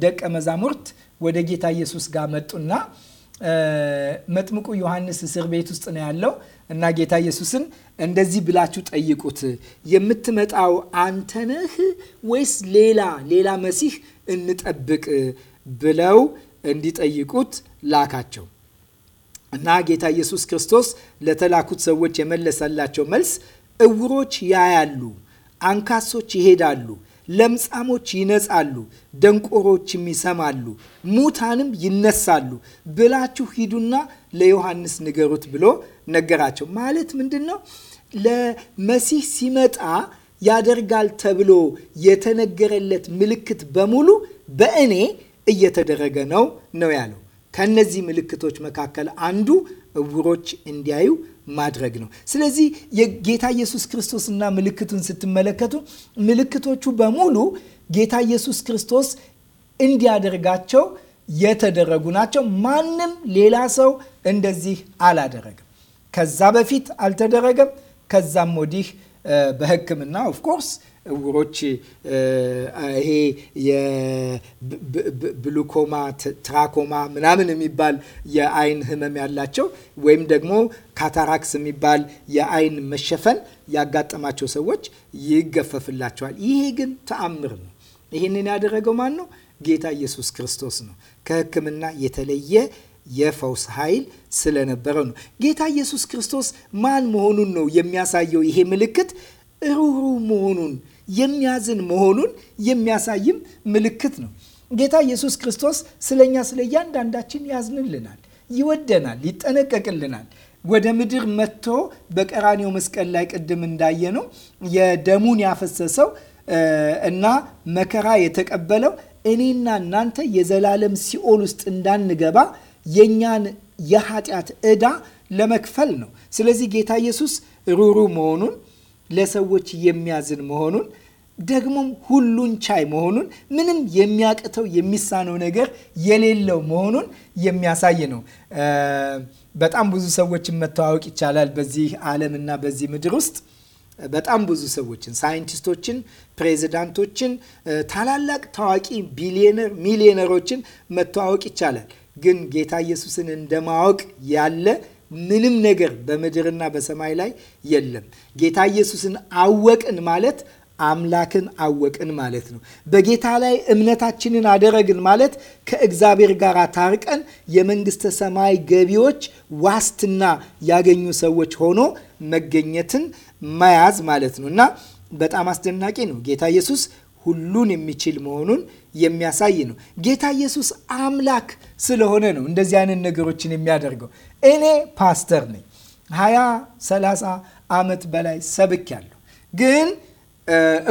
ደቀ መዛሙርት ወደ ጌታ ኢየሱስ ጋር መጡና መጥምቁ ዮሐንስ እስር ቤት ውስጥ ነው ያለው እና ጌታ ኢየሱስን እንደዚህ ብላችሁ ጠይቁት፣ የምትመጣው አንተ ነህ ወይስ ሌላ ሌላ መሲህ እንጠብቅ ብለው እንዲጠይቁት ላካቸው እና ጌታ ኢየሱስ ክርስቶስ ለተላኩት ሰዎች የመለሰላቸው መልስ እውሮች ያያሉ፣ አንካሶች ይሄዳሉ ለምጻሞች ይነጻሉ፣ ደንቆሮችም ይሰማሉ፣ ሙታንም ይነሳሉ ብላችሁ ሂዱና ለዮሐንስ ንገሩት ብሎ ነገራቸው። ማለት ምንድን ነው? ለመሲህ ሲመጣ ያደርጋል ተብሎ የተነገረለት ምልክት በሙሉ በእኔ እየተደረገ ነው ነው ያለው። ከነዚህ ምልክቶች መካከል አንዱ እውሮች እንዲያዩ፣ ማድረግ ነው። ስለዚህ የጌታ ኢየሱስ ክርስቶስና ምልክቱን ስትመለከቱ ምልክቶቹ በሙሉ ጌታ ኢየሱስ ክርስቶስ እንዲያደርጋቸው የተደረጉ ናቸው። ማንም ሌላ ሰው እንደዚህ አላደረግም ከዛ በፊት አልተደረገም። ከዛም ወዲህ በሕክምና ኦፍኮርስ እውሮች ይሄ የብሉኮማ ትራኮማ ምናምን የሚባል የአይን ህመም ያላቸው ወይም ደግሞ ካታራክስ የሚባል የአይን መሸፈን ያጋጠማቸው ሰዎች ይገፈፍላቸዋል። ይሄ ግን ተአምር ነው። ይህንን ያደረገው ማን ነው? ጌታ ኢየሱስ ክርስቶስ ነው። ከህክምና የተለየ የፈውስ ኃይል ስለነበረው ነው። ጌታ ኢየሱስ ክርስቶስ ማን መሆኑን ነው የሚያሳየው ይሄ ምልክት ሩህሩህ መሆኑን የሚያዝን መሆኑን የሚያሳይም ምልክት ነው። ጌታ ኢየሱስ ክርስቶስ ስለኛ ስለ እያንዳንዳችን ያዝንልናል፣ ይወደናል፣ ይጠነቀቅልናል። ወደ ምድር መጥቶ በቀራኔው መስቀል ላይ ቅድም እንዳየ ነው የደሙን ያፈሰሰው እና መከራ የተቀበለው እኔና እናንተ የዘላለም ሲኦል ውስጥ እንዳንገባ የእኛን የኃጢአት ዕዳ ለመክፈል ነው። ስለዚህ ጌታ ኢየሱስ ሩሩ መሆኑን ለሰዎች የሚያዝን መሆኑን ደግሞም ሁሉን ቻይ መሆኑን ምንም የሚያቅተው የሚሳነው ነገር የሌለው መሆኑን የሚያሳይ ነው። በጣም ብዙ ሰዎችን መተዋወቅ ይቻላል በዚህ ዓለም እና በዚህ ምድር ውስጥ በጣም ብዙ ሰዎችን፣ ሳይንቲስቶችን፣ ፕሬዚዳንቶችን፣ ታላላቅ ታዋቂ ቢሊዮነር፣ ሚሊዮነሮችን መተዋወቅ ይቻላል። ግን ጌታ ኢየሱስን እንደማወቅ ያለ ምንም ነገር በምድርና በሰማይ ላይ የለም። ጌታ ኢየሱስን አወቅን ማለት አምላክን አወቅን ማለት ነው። በጌታ ላይ እምነታችንን አደረግን ማለት ከእግዚአብሔር ጋር ታርቀን የመንግስተ ሰማይ ገቢዎች ዋስትና ያገኙ ሰዎች ሆኖ መገኘትን መያዝ ማለት ነው እና በጣም አስደናቂ ነው። ጌታ ኢየሱስ ሁሉን የሚችል መሆኑን የሚያሳይ ነው። ጌታ ኢየሱስ አምላክ ስለሆነ ነው እንደዚህ አይነት ነገሮችን የሚያደርገው። እኔ ፓስተር ነኝ። ሃያ ሰላሳ ዓመት በላይ ሰብክ ያለው ግን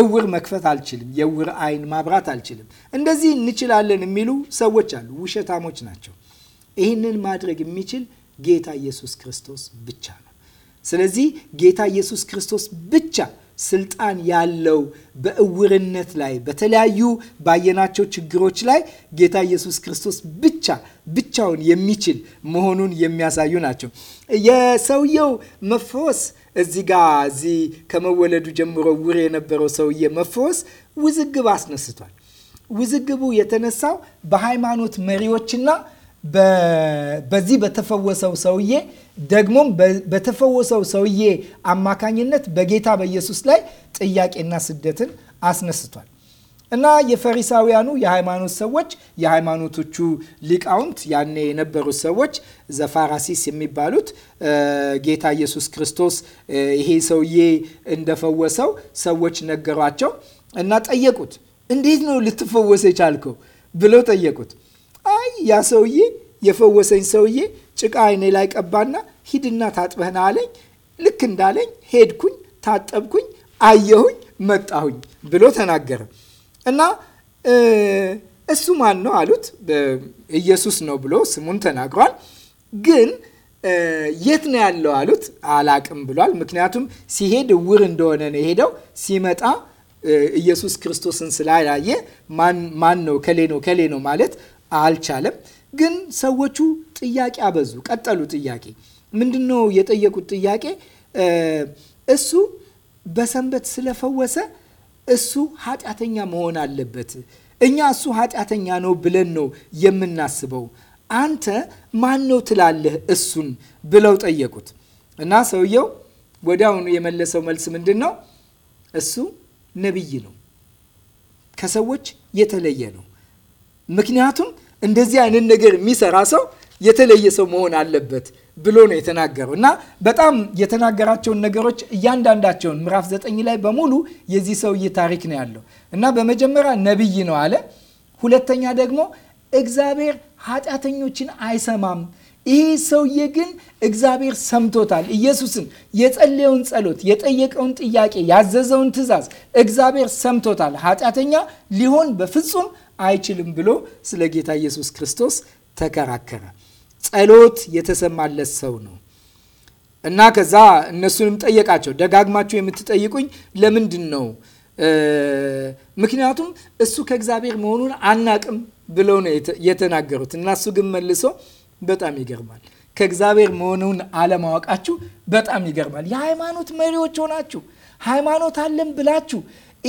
እውር መክፈት አልችልም፣ የእውር አይን ማብራት አልችልም፣ እንደዚህ እንችላለን የሚሉ ሰዎች አሉ። ውሸታሞች ናቸው። ይህንን ማድረግ የሚችል ጌታ ኢየሱስ ክርስቶስ ብቻ ነው። ስለዚህ ጌታ ኢየሱስ ክርስቶስ ብቻ ስልጣን ያለው በእውርነት ላይ በተለያዩ ባየናቸው ችግሮች ላይ ጌታ ኢየሱስ ክርስቶስ ብቻ ብቻውን የሚችል መሆኑን የሚያሳዩ ናቸው። የሰውየው መፈወስ እዚህ ጋ እዚህ ከመወለዱ ጀምሮ ውር የነበረው ሰውዬ መፈወስ ውዝግብ አስነስቷል። ውዝግቡ የተነሳው በሃይማኖት መሪዎችና በዚህ በተፈወሰው ሰውዬ ደግሞም በተፈወሰው ሰውዬ አማካኝነት በጌታ በኢየሱስ ላይ ጥያቄና ስደትን አስነስቷል። እና የፈሪሳውያኑ የሃይማኖት ሰዎች የሃይማኖቶቹ ሊቃውንት ያኔ የነበሩት ሰዎች ዘፋራሲስ የሚባሉት ጌታ ኢየሱስ ክርስቶስ ይሄ ሰውዬ እንደፈወሰው ሰዎች ነገሯቸው እና ጠየቁት። እንዴት ነው ልትፈወሰ የቻልከው ብለው ጠየቁት። አይ ያ ሰውዬ የፈወሰኝ ሰውዬ ጭቃ አይኔ ላይ ቀባና ሂድና ታጥበህና አለኝ። ልክ እንዳለኝ ሄድኩኝ፣ ታጠብኩኝ፣ አየሁኝ፣ መጣሁኝ ብሎ ተናገረ። እና እሱ ማን ነው አሉት። ኢየሱስ ነው ብሎ ስሙን ተናግሯል። ግን የት ነው ያለው አሉት። አላቅም ብሏል። ምክንያቱም ሲሄድ እውር እንደሆነ ነው የሄደው። ሲመጣ ኢየሱስ ክርስቶስን ስላላየ ማን ነው ከሌ ነው ከሌ ነው ማለት አልቻለም። ግን ሰዎቹ ጥያቄ አበዙ። ቀጠሉ ጥያቄ ምንድን ነው የጠየቁት ጥያቄ እሱ በሰንበት ስለፈወሰ እሱ ኃጢአተኛ መሆን አለበት። እኛ እሱ ኃጢአተኛ ነው ብለን ነው የምናስበው። አንተ ማን ነው ትላለህ እሱን ብለው ጠየቁት እና ሰውየው ወዲያውኑ የመለሰው መልስ ምንድን ነው? እሱ ነቢይ ነው፣ ከሰዎች የተለየ ነው። ምክንያቱም እንደዚህ አይነት ነገር የሚሰራ ሰው የተለየ ሰው መሆን አለበት ብሎ ነው የተናገረው እና በጣም የተናገራቸውን ነገሮች እያንዳንዳቸውን ምዕራፍ ዘጠኝ ላይ በሙሉ የዚህ ሰውዬ ታሪክ ነው ያለው እና በመጀመሪያ ነቢይ ነው አለ። ሁለተኛ ደግሞ እግዚአብሔር ኃጢአተኞችን አይሰማም። ይሄ ሰውዬ ግን እግዚአብሔር ሰምቶታል። ኢየሱስን የጸለየውን ጸሎት፣ የጠየቀውን ጥያቄ፣ ያዘዘውን ትእዛዝ እግዚአብሔር ሰምቶታል። ኃጢአተኛ ሊሆን በፍጹም አይችልም ብሎ ስለ ጌታ ኢየሱስ ክርስቶስ ተከራከረ። ጸሎት የተሰማለት ሰው ነው እና ከዛ እነሱንም ጠየቃቸው። ደጋግማችሁ የምትጠይቁኝ ለምንድን ነው? ምክንያቱም እሱ ከእግዚአብሔር መሆኑን አናቅም ብለው ነው የተናገሩት እና እሱ ግን መልሶ በጣም ይገርማል ከእግዚአብሔር መሆኑን አለማወቃችሁ በጣም ይገርማል። የሃይማኖት መሪዎች ሆናችሁ ሃይማኖት አለን ብላችሁ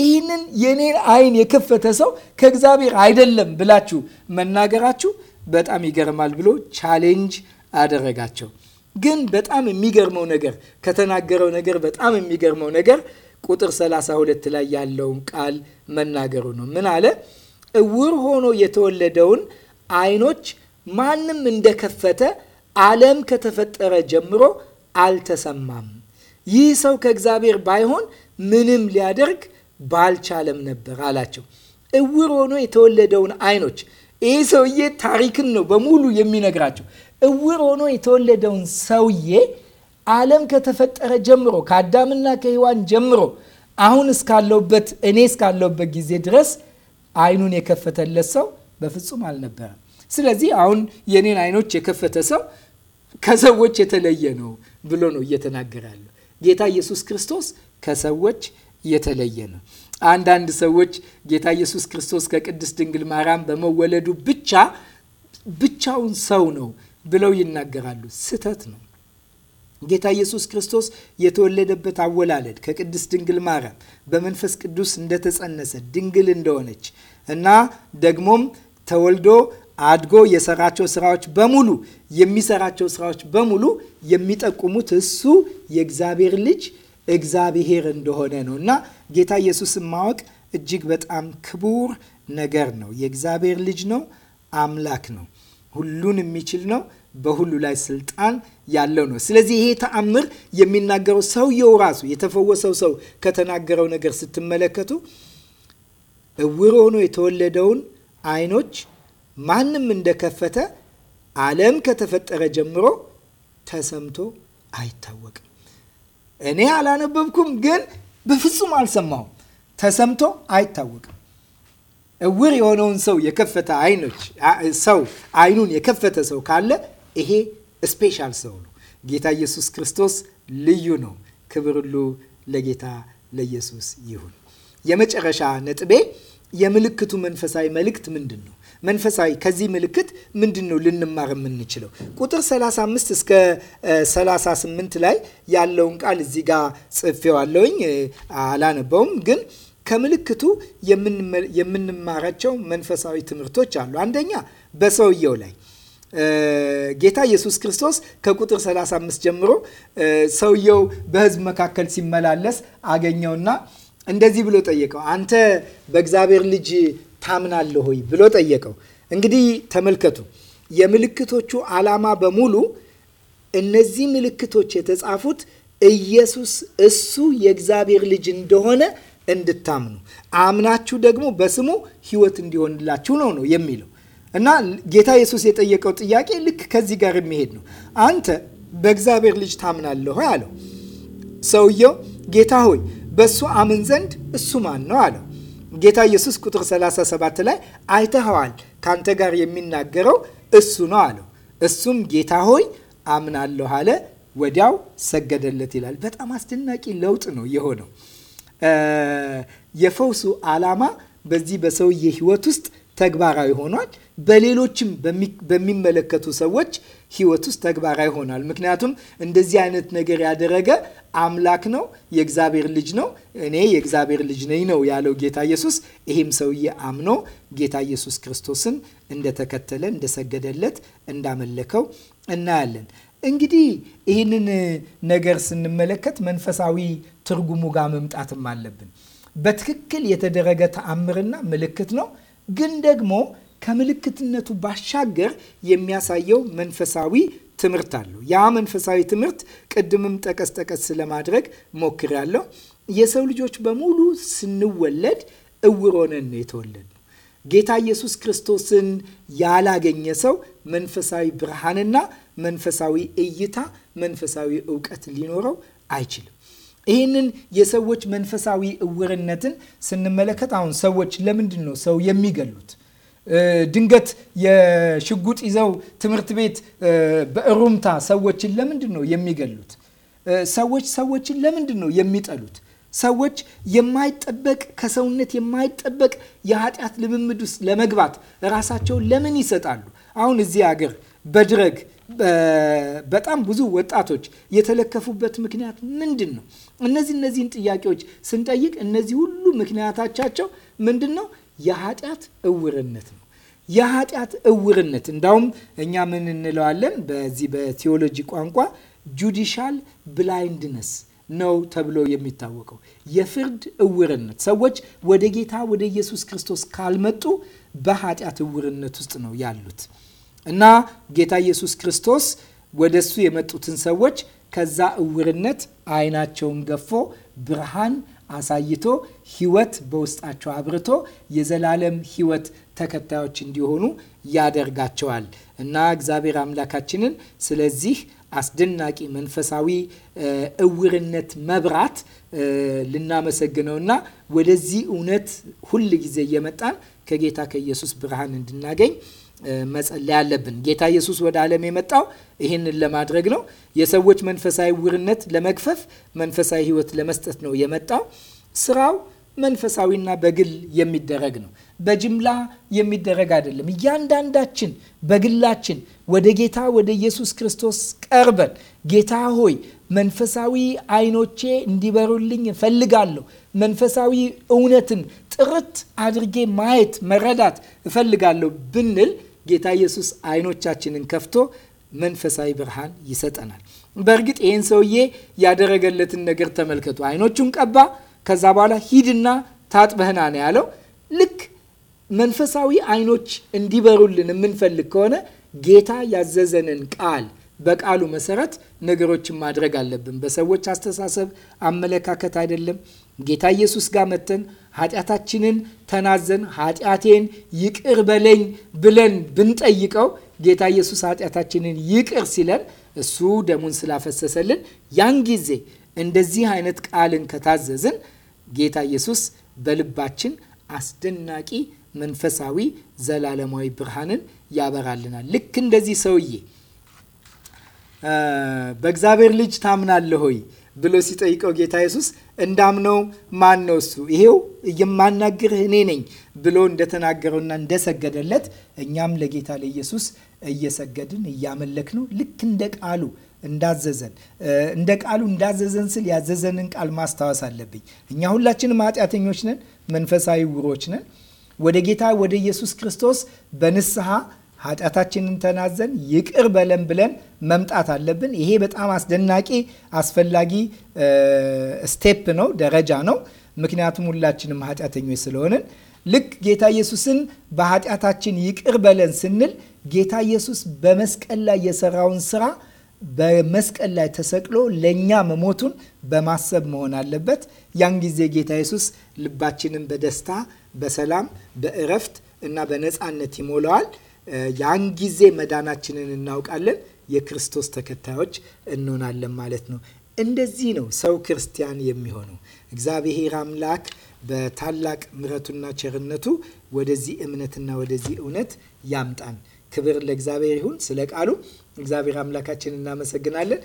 ይህንን የኔን አይን የከፈተ ሰው ከእግዚአብሔር አይደለም ብላችሁ መናገራችሁ በጣም ይገርማል ብሎ ቻሌንጅ አደረጋቸው። ግን በጣም የሚገርመው ነገር ከተናገረው ነገር በጣም የሚገርመው ነገር ቁጥር 32 ላይ ያለውን ቃል መናገሩ ነው። ምን አለ? እውር ሆኖ የተወለደውን አይኖች ማንም እንደከፈተ ዓለም ከተፈጠረ ጀምሮ አልተሰማም። ይህ ሰው ከእግዚአብሔር ባይሆን ምንም ሊያደርግ ባልቻለም ነበር አላቸው። እውር ሆኖ የተወለደውን አይኖች። ይህ ሰውዬ ታሪክን ነው በሙሉ የሚነግራቸው። እውር ሆኖ የተወለደውን ሰውዬ ዓለም ከተፈጠረ ጀምሮ ከአዳምና ከሔዋን ጀምሮ አሁን እስካለውበት እኔ እስካለውበት ጊዜ ድረስ አይኑን የከፈተለት ሰው በፍጹም አልነበረም። ስለዚህ አሁን የኔን አይኖች የከፈተ ሰው ከሰዎች የተለየ ነው ብሎ ነው እየተናገረ ያለው። ጌታ ኢየሱስ ክርስቶስ ከሰዎች የተለየ ነው። አንዳንድ ሰዎች ጌታ ኢየሱስ ክርስቶስ ከቅድስት ድንግል ማርያም በመወለዱ ብቻ ብቻውን ሰው ነው ብለው ይናገራሉ። ስህተት ነው። ጌታ ኢየሱስ ክርስቶስ የተወለደበት አወላለድ ከቅድስት ድንግል ማርያም በመንፈስ ቅዱስ እንደተጸነሰ ድንግል እንደሆነች እና ደግሞም ተወልዶ አድጎ የሰራቸው ስራዎች በሙሉ የሚሰራቸው ስራዎች በሙሉ የሚጠቁሙት እሱ የእግዚአብሔር ልጅ እግዚአብሔር እንደሆነ ነው እና ጌታ ኢየሱስን ማወቅ እጅግ በጣም ክቡር ነገር ነው። የእግዚአብሔር ልጅ ነው፣ አምላክ ነው፣ ሁሉን የሚችል ነው፣ በሁሉ ላይ ስልጣን ያለው ነው። ስለዚህ ይሄ ተአምር የሚናገረው ሰውየው ራሱ የተፈወሰው ሰው ከተናገረው ነገር ስትመለከቱ እውር ሆኖ የተወለደውን አይኖች ማንም እንደከፈተ ዓለም ከተፈጠረ ጀምሮ ተሰምቶ አይታወቅም። እኔ አላነበብኩም፣ ግን በፍጹም አልሰማሁም። ተሰምቶ አይታወቅም። እውር የሆነውን ሰው የከፈተ አይኖች ሰው አይኑን የከፈተ ሰው ካለ ይሄ ስፔሻል ሰው ነው። ጌታ ኢየሱስ ክርስቶስ ልዩ ነው። ክብር ሁሉ ለጌታ ለኢየሱስ ይሁን። የመጨረሻ ነጥቤ የምልክቱ መንፈሳዊ መልእክት ምንድን ነው? መንፈሳዊ ከዚህ ምልክት ምንድን ነው ልንማር የምንችለው? ቁጥር 35 እስከ 38 ላይ ያለውን ቃል እዚህ ጋር ጽፌዋለውኝ አላነበውም ግን ከምልክቱ የምንማራቸው መንፈሳዊ ትምህርቶች አሉ። አንደኛ በሰውየው ላይ ጌታ ኢየሱስ ክርስቶስ ከቁጥር 35 ጀምሮ ሰውየው በሕዝብ መካከል ሲመላለስ አገኘውና እንደዚህ ብሎ ጠየቀው፣ አንተ በእግዚአብሔር ልጅ ታምናለህ ሆይ ብሎ ጠየቀው። እንግዲህ ተመልከቱ፣ የምልክቶቹ ዓላማ በሙሉ እነዚህ ምልክቶች የተጻፉት ኢየሱስ እሱ የእግዚአብሔር ልጅ እንደሆነ እንድታምኑ አምናችሁ ደግሞ በስሙ ሕይወት እንዲሆንላችሁ ነው ነው የሚለው እና ጌታ ኢየሱስ የጠየቀው ጥያቄ ልክ ከዚህ ጋር የሚሄድ ነው። አንተ በእግዚአብሔር ልጅ ታምናለህ አለው። ሰውየው ጌታ ሆይ በሱ አምን ዘንድ እሱ ማን ነው አለው። ጌታ ኢየሱስ ቁጥር 37 ላይ አይተኸዋል፣ ካንተ ጋር የሚናገረው እሱ ነው አለው። እሱም ጌታ ሆይ አምናለሁ አለ፣ ወዲያው ሰገደለት ይላል። በጣም አስደናቂ ለውጥ ነው የሆነው። የፈውሱ ዓላማ በዚህ በሰውዬ ሕይወት ውስጥ ተግባራዊ ሆኗል። በሌሎችም በሚመለከቱ ሰዎች ህይወት ውስጥ ተግባራዊ ሆኗል። ምክንያቱም እንደዚህ አይነት ነገር ያደረገ አምላክ ነው፣ የእግዚአብሔር ልጅ ነው። እኔ የእግዚአብሔር ልጅ ነኝ ነው ያለው ጌታ ኢየሱስ። ይህም ሰውዬ አምኖ ጌታ ኢየሱስ ክርስቶስን እንደተከተለ፣ እንደሰገደለት፣ እንዳመለከው እናያለን። እንግዲህ ይህንን ነገር ስንመለከት መንፈሳዊ ትርጉሙ ጋር መምጣትም አለብን። በትክክል የተደረገ ተአምርና ምልክት ነው። ግን ደግሞ ከምልክትነቱ ባሻገር የሚያሳየው መንፈሳዊ ትምህርት አለው። ያ መንፈሳዊ ትምህርት ቅድምም ጠቀስ ጠቀስ ለማድረግ ሞክሬያለሁ። የሰው ልጆች በሙሉ ስንወለድ እውር ሆነን ነው ጌታ ኢየሱስ ክርስቶስን ያላገኘ ሰው መንፈሳዊ ብርሃንና መንፈሳዊ እይታ፣ መንፈሳዊ እውቀት ሊኖረው አይችልም። ይህንን የሰዎች መንፈሳዊ እውርነትን ስንመለከት አሁን ሰዎች ለምንድን ነው ሰው የሚገሉት? ድንገት የሽጉጥ ይዘው ትምህርት ቤት በእሩምታ ሰዎችን ለምንድን ነው የሚገሉት? ሰዎች ሰዎችን ለምንድን ነው የሚጠሉት? ሰዎች የማይጠበቅ ከሰውነት የማይጠበቅ የኃጢአት ልምምድ ውስጥ ለመግባት ራሳቸውን ለምን ይሰጣሉ? አሁን እዚህ አገር በድረግ በጣም ብዙ ወጣቶች የተለከፉበት ምክንያት ምንድን ነው? እነዚህ እነዚህን ጥያቄዎች ስንጠይቅ እነዚህ ሁሉ ምክንያታቻቸው ምንድን ነው? የኃጢአት እውርነት ነው። የኃጢአት እውርነት እንዳውም እኛ ምን እንለዋለን? በዚህ በቴዎሎጂ ቋንቋ ጁዲሻል ብላይንድነስ ነው ተብሎ የሚታወቀው የፍርድ እውርነት። ሰዎች ወደ ጌታ ወደ ኢየሱስ ክርስቶስ ካልመጡ በኃጢአት እውርነት ውስጥ ነው ያሉት እና ጌታ ኢየሱስ ክርስቶስ ወደ እሱ የመጡትን ሰዎች ከዛ እውርነት አይናቸውን ገፎ ብርሃን አሳይቶ ህይወት በውስጣቸው አብርቶ የዘላለም ህይወት ተከታዮች እንዲሆኑ ያደርጋቸዋል እና እግዚአብሔር አምላካችንን ስለዚህ አስደናቂ መንፈሳዊ እውርነት መብራት ልናመሰግነውና ወደዚህ እውነት ሁል ጊዜ እየመጣን ከጌታ ከኢየሱስ ብርሃን እንድናገኝ መጸለይ አለብን። ጌታ ኢየሱስ ወደ ዓለም የመጣው ይህንን ለማድረግ ነው። የሰዎች መንፈሳዊ ውርነት ለመግፈፍ፣ መንፈሳዊ ሕይወት ለመስጠት ነው የመጣው። ስራው መንፈሳዊና በግል የሚደረግ ነው። በጅምላ የሚደረግ አይደለም። እያንዳንዳችን በግላችን ወደ ጌታ ወደ ኢየሱስ ክርስቶስ ቀርበን ጌታ ሆይ መንፈሳዊ አይኖቼ እንዲበሩልኝ እፈልጋለሁ። መንፈሳዊ እውነትን ጥርት አድርጌ ማየት መረዳት እፈልጋለሁ ብንል ጌታ ኢየሱስ አይኖቻችንን ከፍቶ መንፈሳዊ ብርሃን ይሰጠናል። በእርግጥ ይህን ሰውዬ ያደረገለትን ነገር ተመልከቱ። አይኖቹን ቀባ። ከዛ በኋላ ሂድና ታጥበህና ነው ያለው። ልክ መንፈሳዊ አይኖች እንዲበሩልን የምንፈልግ ከሆነ ጌታ ያዘዘንን ቃል በቃሉ መሰረት ነገሮችን ማድረግ አለብን። በሰዎች አስተሳሰብ፣ አመለካከት አይደለም። ጌታ ኢየሱስ ጋር መተን ኃጢአታችንን ተናዘን ኃጢአቴን ይቅር በለኝ ብለን ብንጠይቀው ጌታ ኢየሱስ ኃጢአታችንን ይቅር ሲለን እሱ ደሙን ስላፈሰሰልን ያን ጊዜ እንደዚህ አይነት ቃልን ከታዘዝን ጌታ ኢየሱስ በልባችን አስደናቂ መንፈሳዊ ዘላለማዊ ብርሃንን ያበራልናል። ልክ እንደዚህ ሰውዬ በእግዚአብሔር ልጅ ታምናለህ ሆይ ብሎ ሲጠይቀው ጌታ ኢየሱስ እንዳምነው ማን ነው እሱ ይሄው የማናግርህ እኔ ነኝ ብሎ እንደተናገረውና እንደሰገደለት እኛም ለጌታ ለኢየሱስ እየሰገድን እያመለክ ነው ልክ እንደ ቃሉ እንዳዘዘን እንደ ቃሉ እንዳዘዘን ስል ያዘዘንን ቃል ማስታወስ አለብኝ። እኛ ሁላችንም ኃጢአተኞች ነን፣ መንፈሳዊ ውሮች ነን። ወደ ጌታ ወደ ኢየሱስ ክርስቶስ በንስሐ ኃጢአታችንን ተናዘን ይቅር በለን ብለን መምጣት አለብን። ይሄ በጣም አስደናቂ አስፈላጊ ስቴፕ ነው፣ ደረጃ ነው። ምክንያቱም ሁላችንም ኃጢአተኞች ስለሆንን ልክ ጌታ ኢየሱስን በኃጢአታችን ይቅር በለን ስንል ጌታ ኢየሱስ በመስቀል ላይ የሰራውን ስራ በመስቀል ላይ ተሰቅሎ ለእኛ መሞቱን በማሰብ መሆን አለበት። ያን ጊዜ ጌታ ኢየሱስ ልባችንን በደስታ በሰላም፣ በእረፍት እና በነፃነት ይሞላዋል። ያን ጊዜ መዳናችንን እናውቃለን፣ የክርስቶስ ተከታዮች እንሆናለን ማለት ነው። እንደዚህ ነው ሰው ክርስቲያን የሚሆነው። እግዚአብሔር አምላክ በታላቅ ምሕረቱና ቸርነቱ ወደዚህ እምነትና ወደዚህ እውነት ያምጣን። ክብር ለእግዚአብሔር ይሁን። ስለ ቃሉ እግዚአብሔር አምላካችን እናመሰግናለን።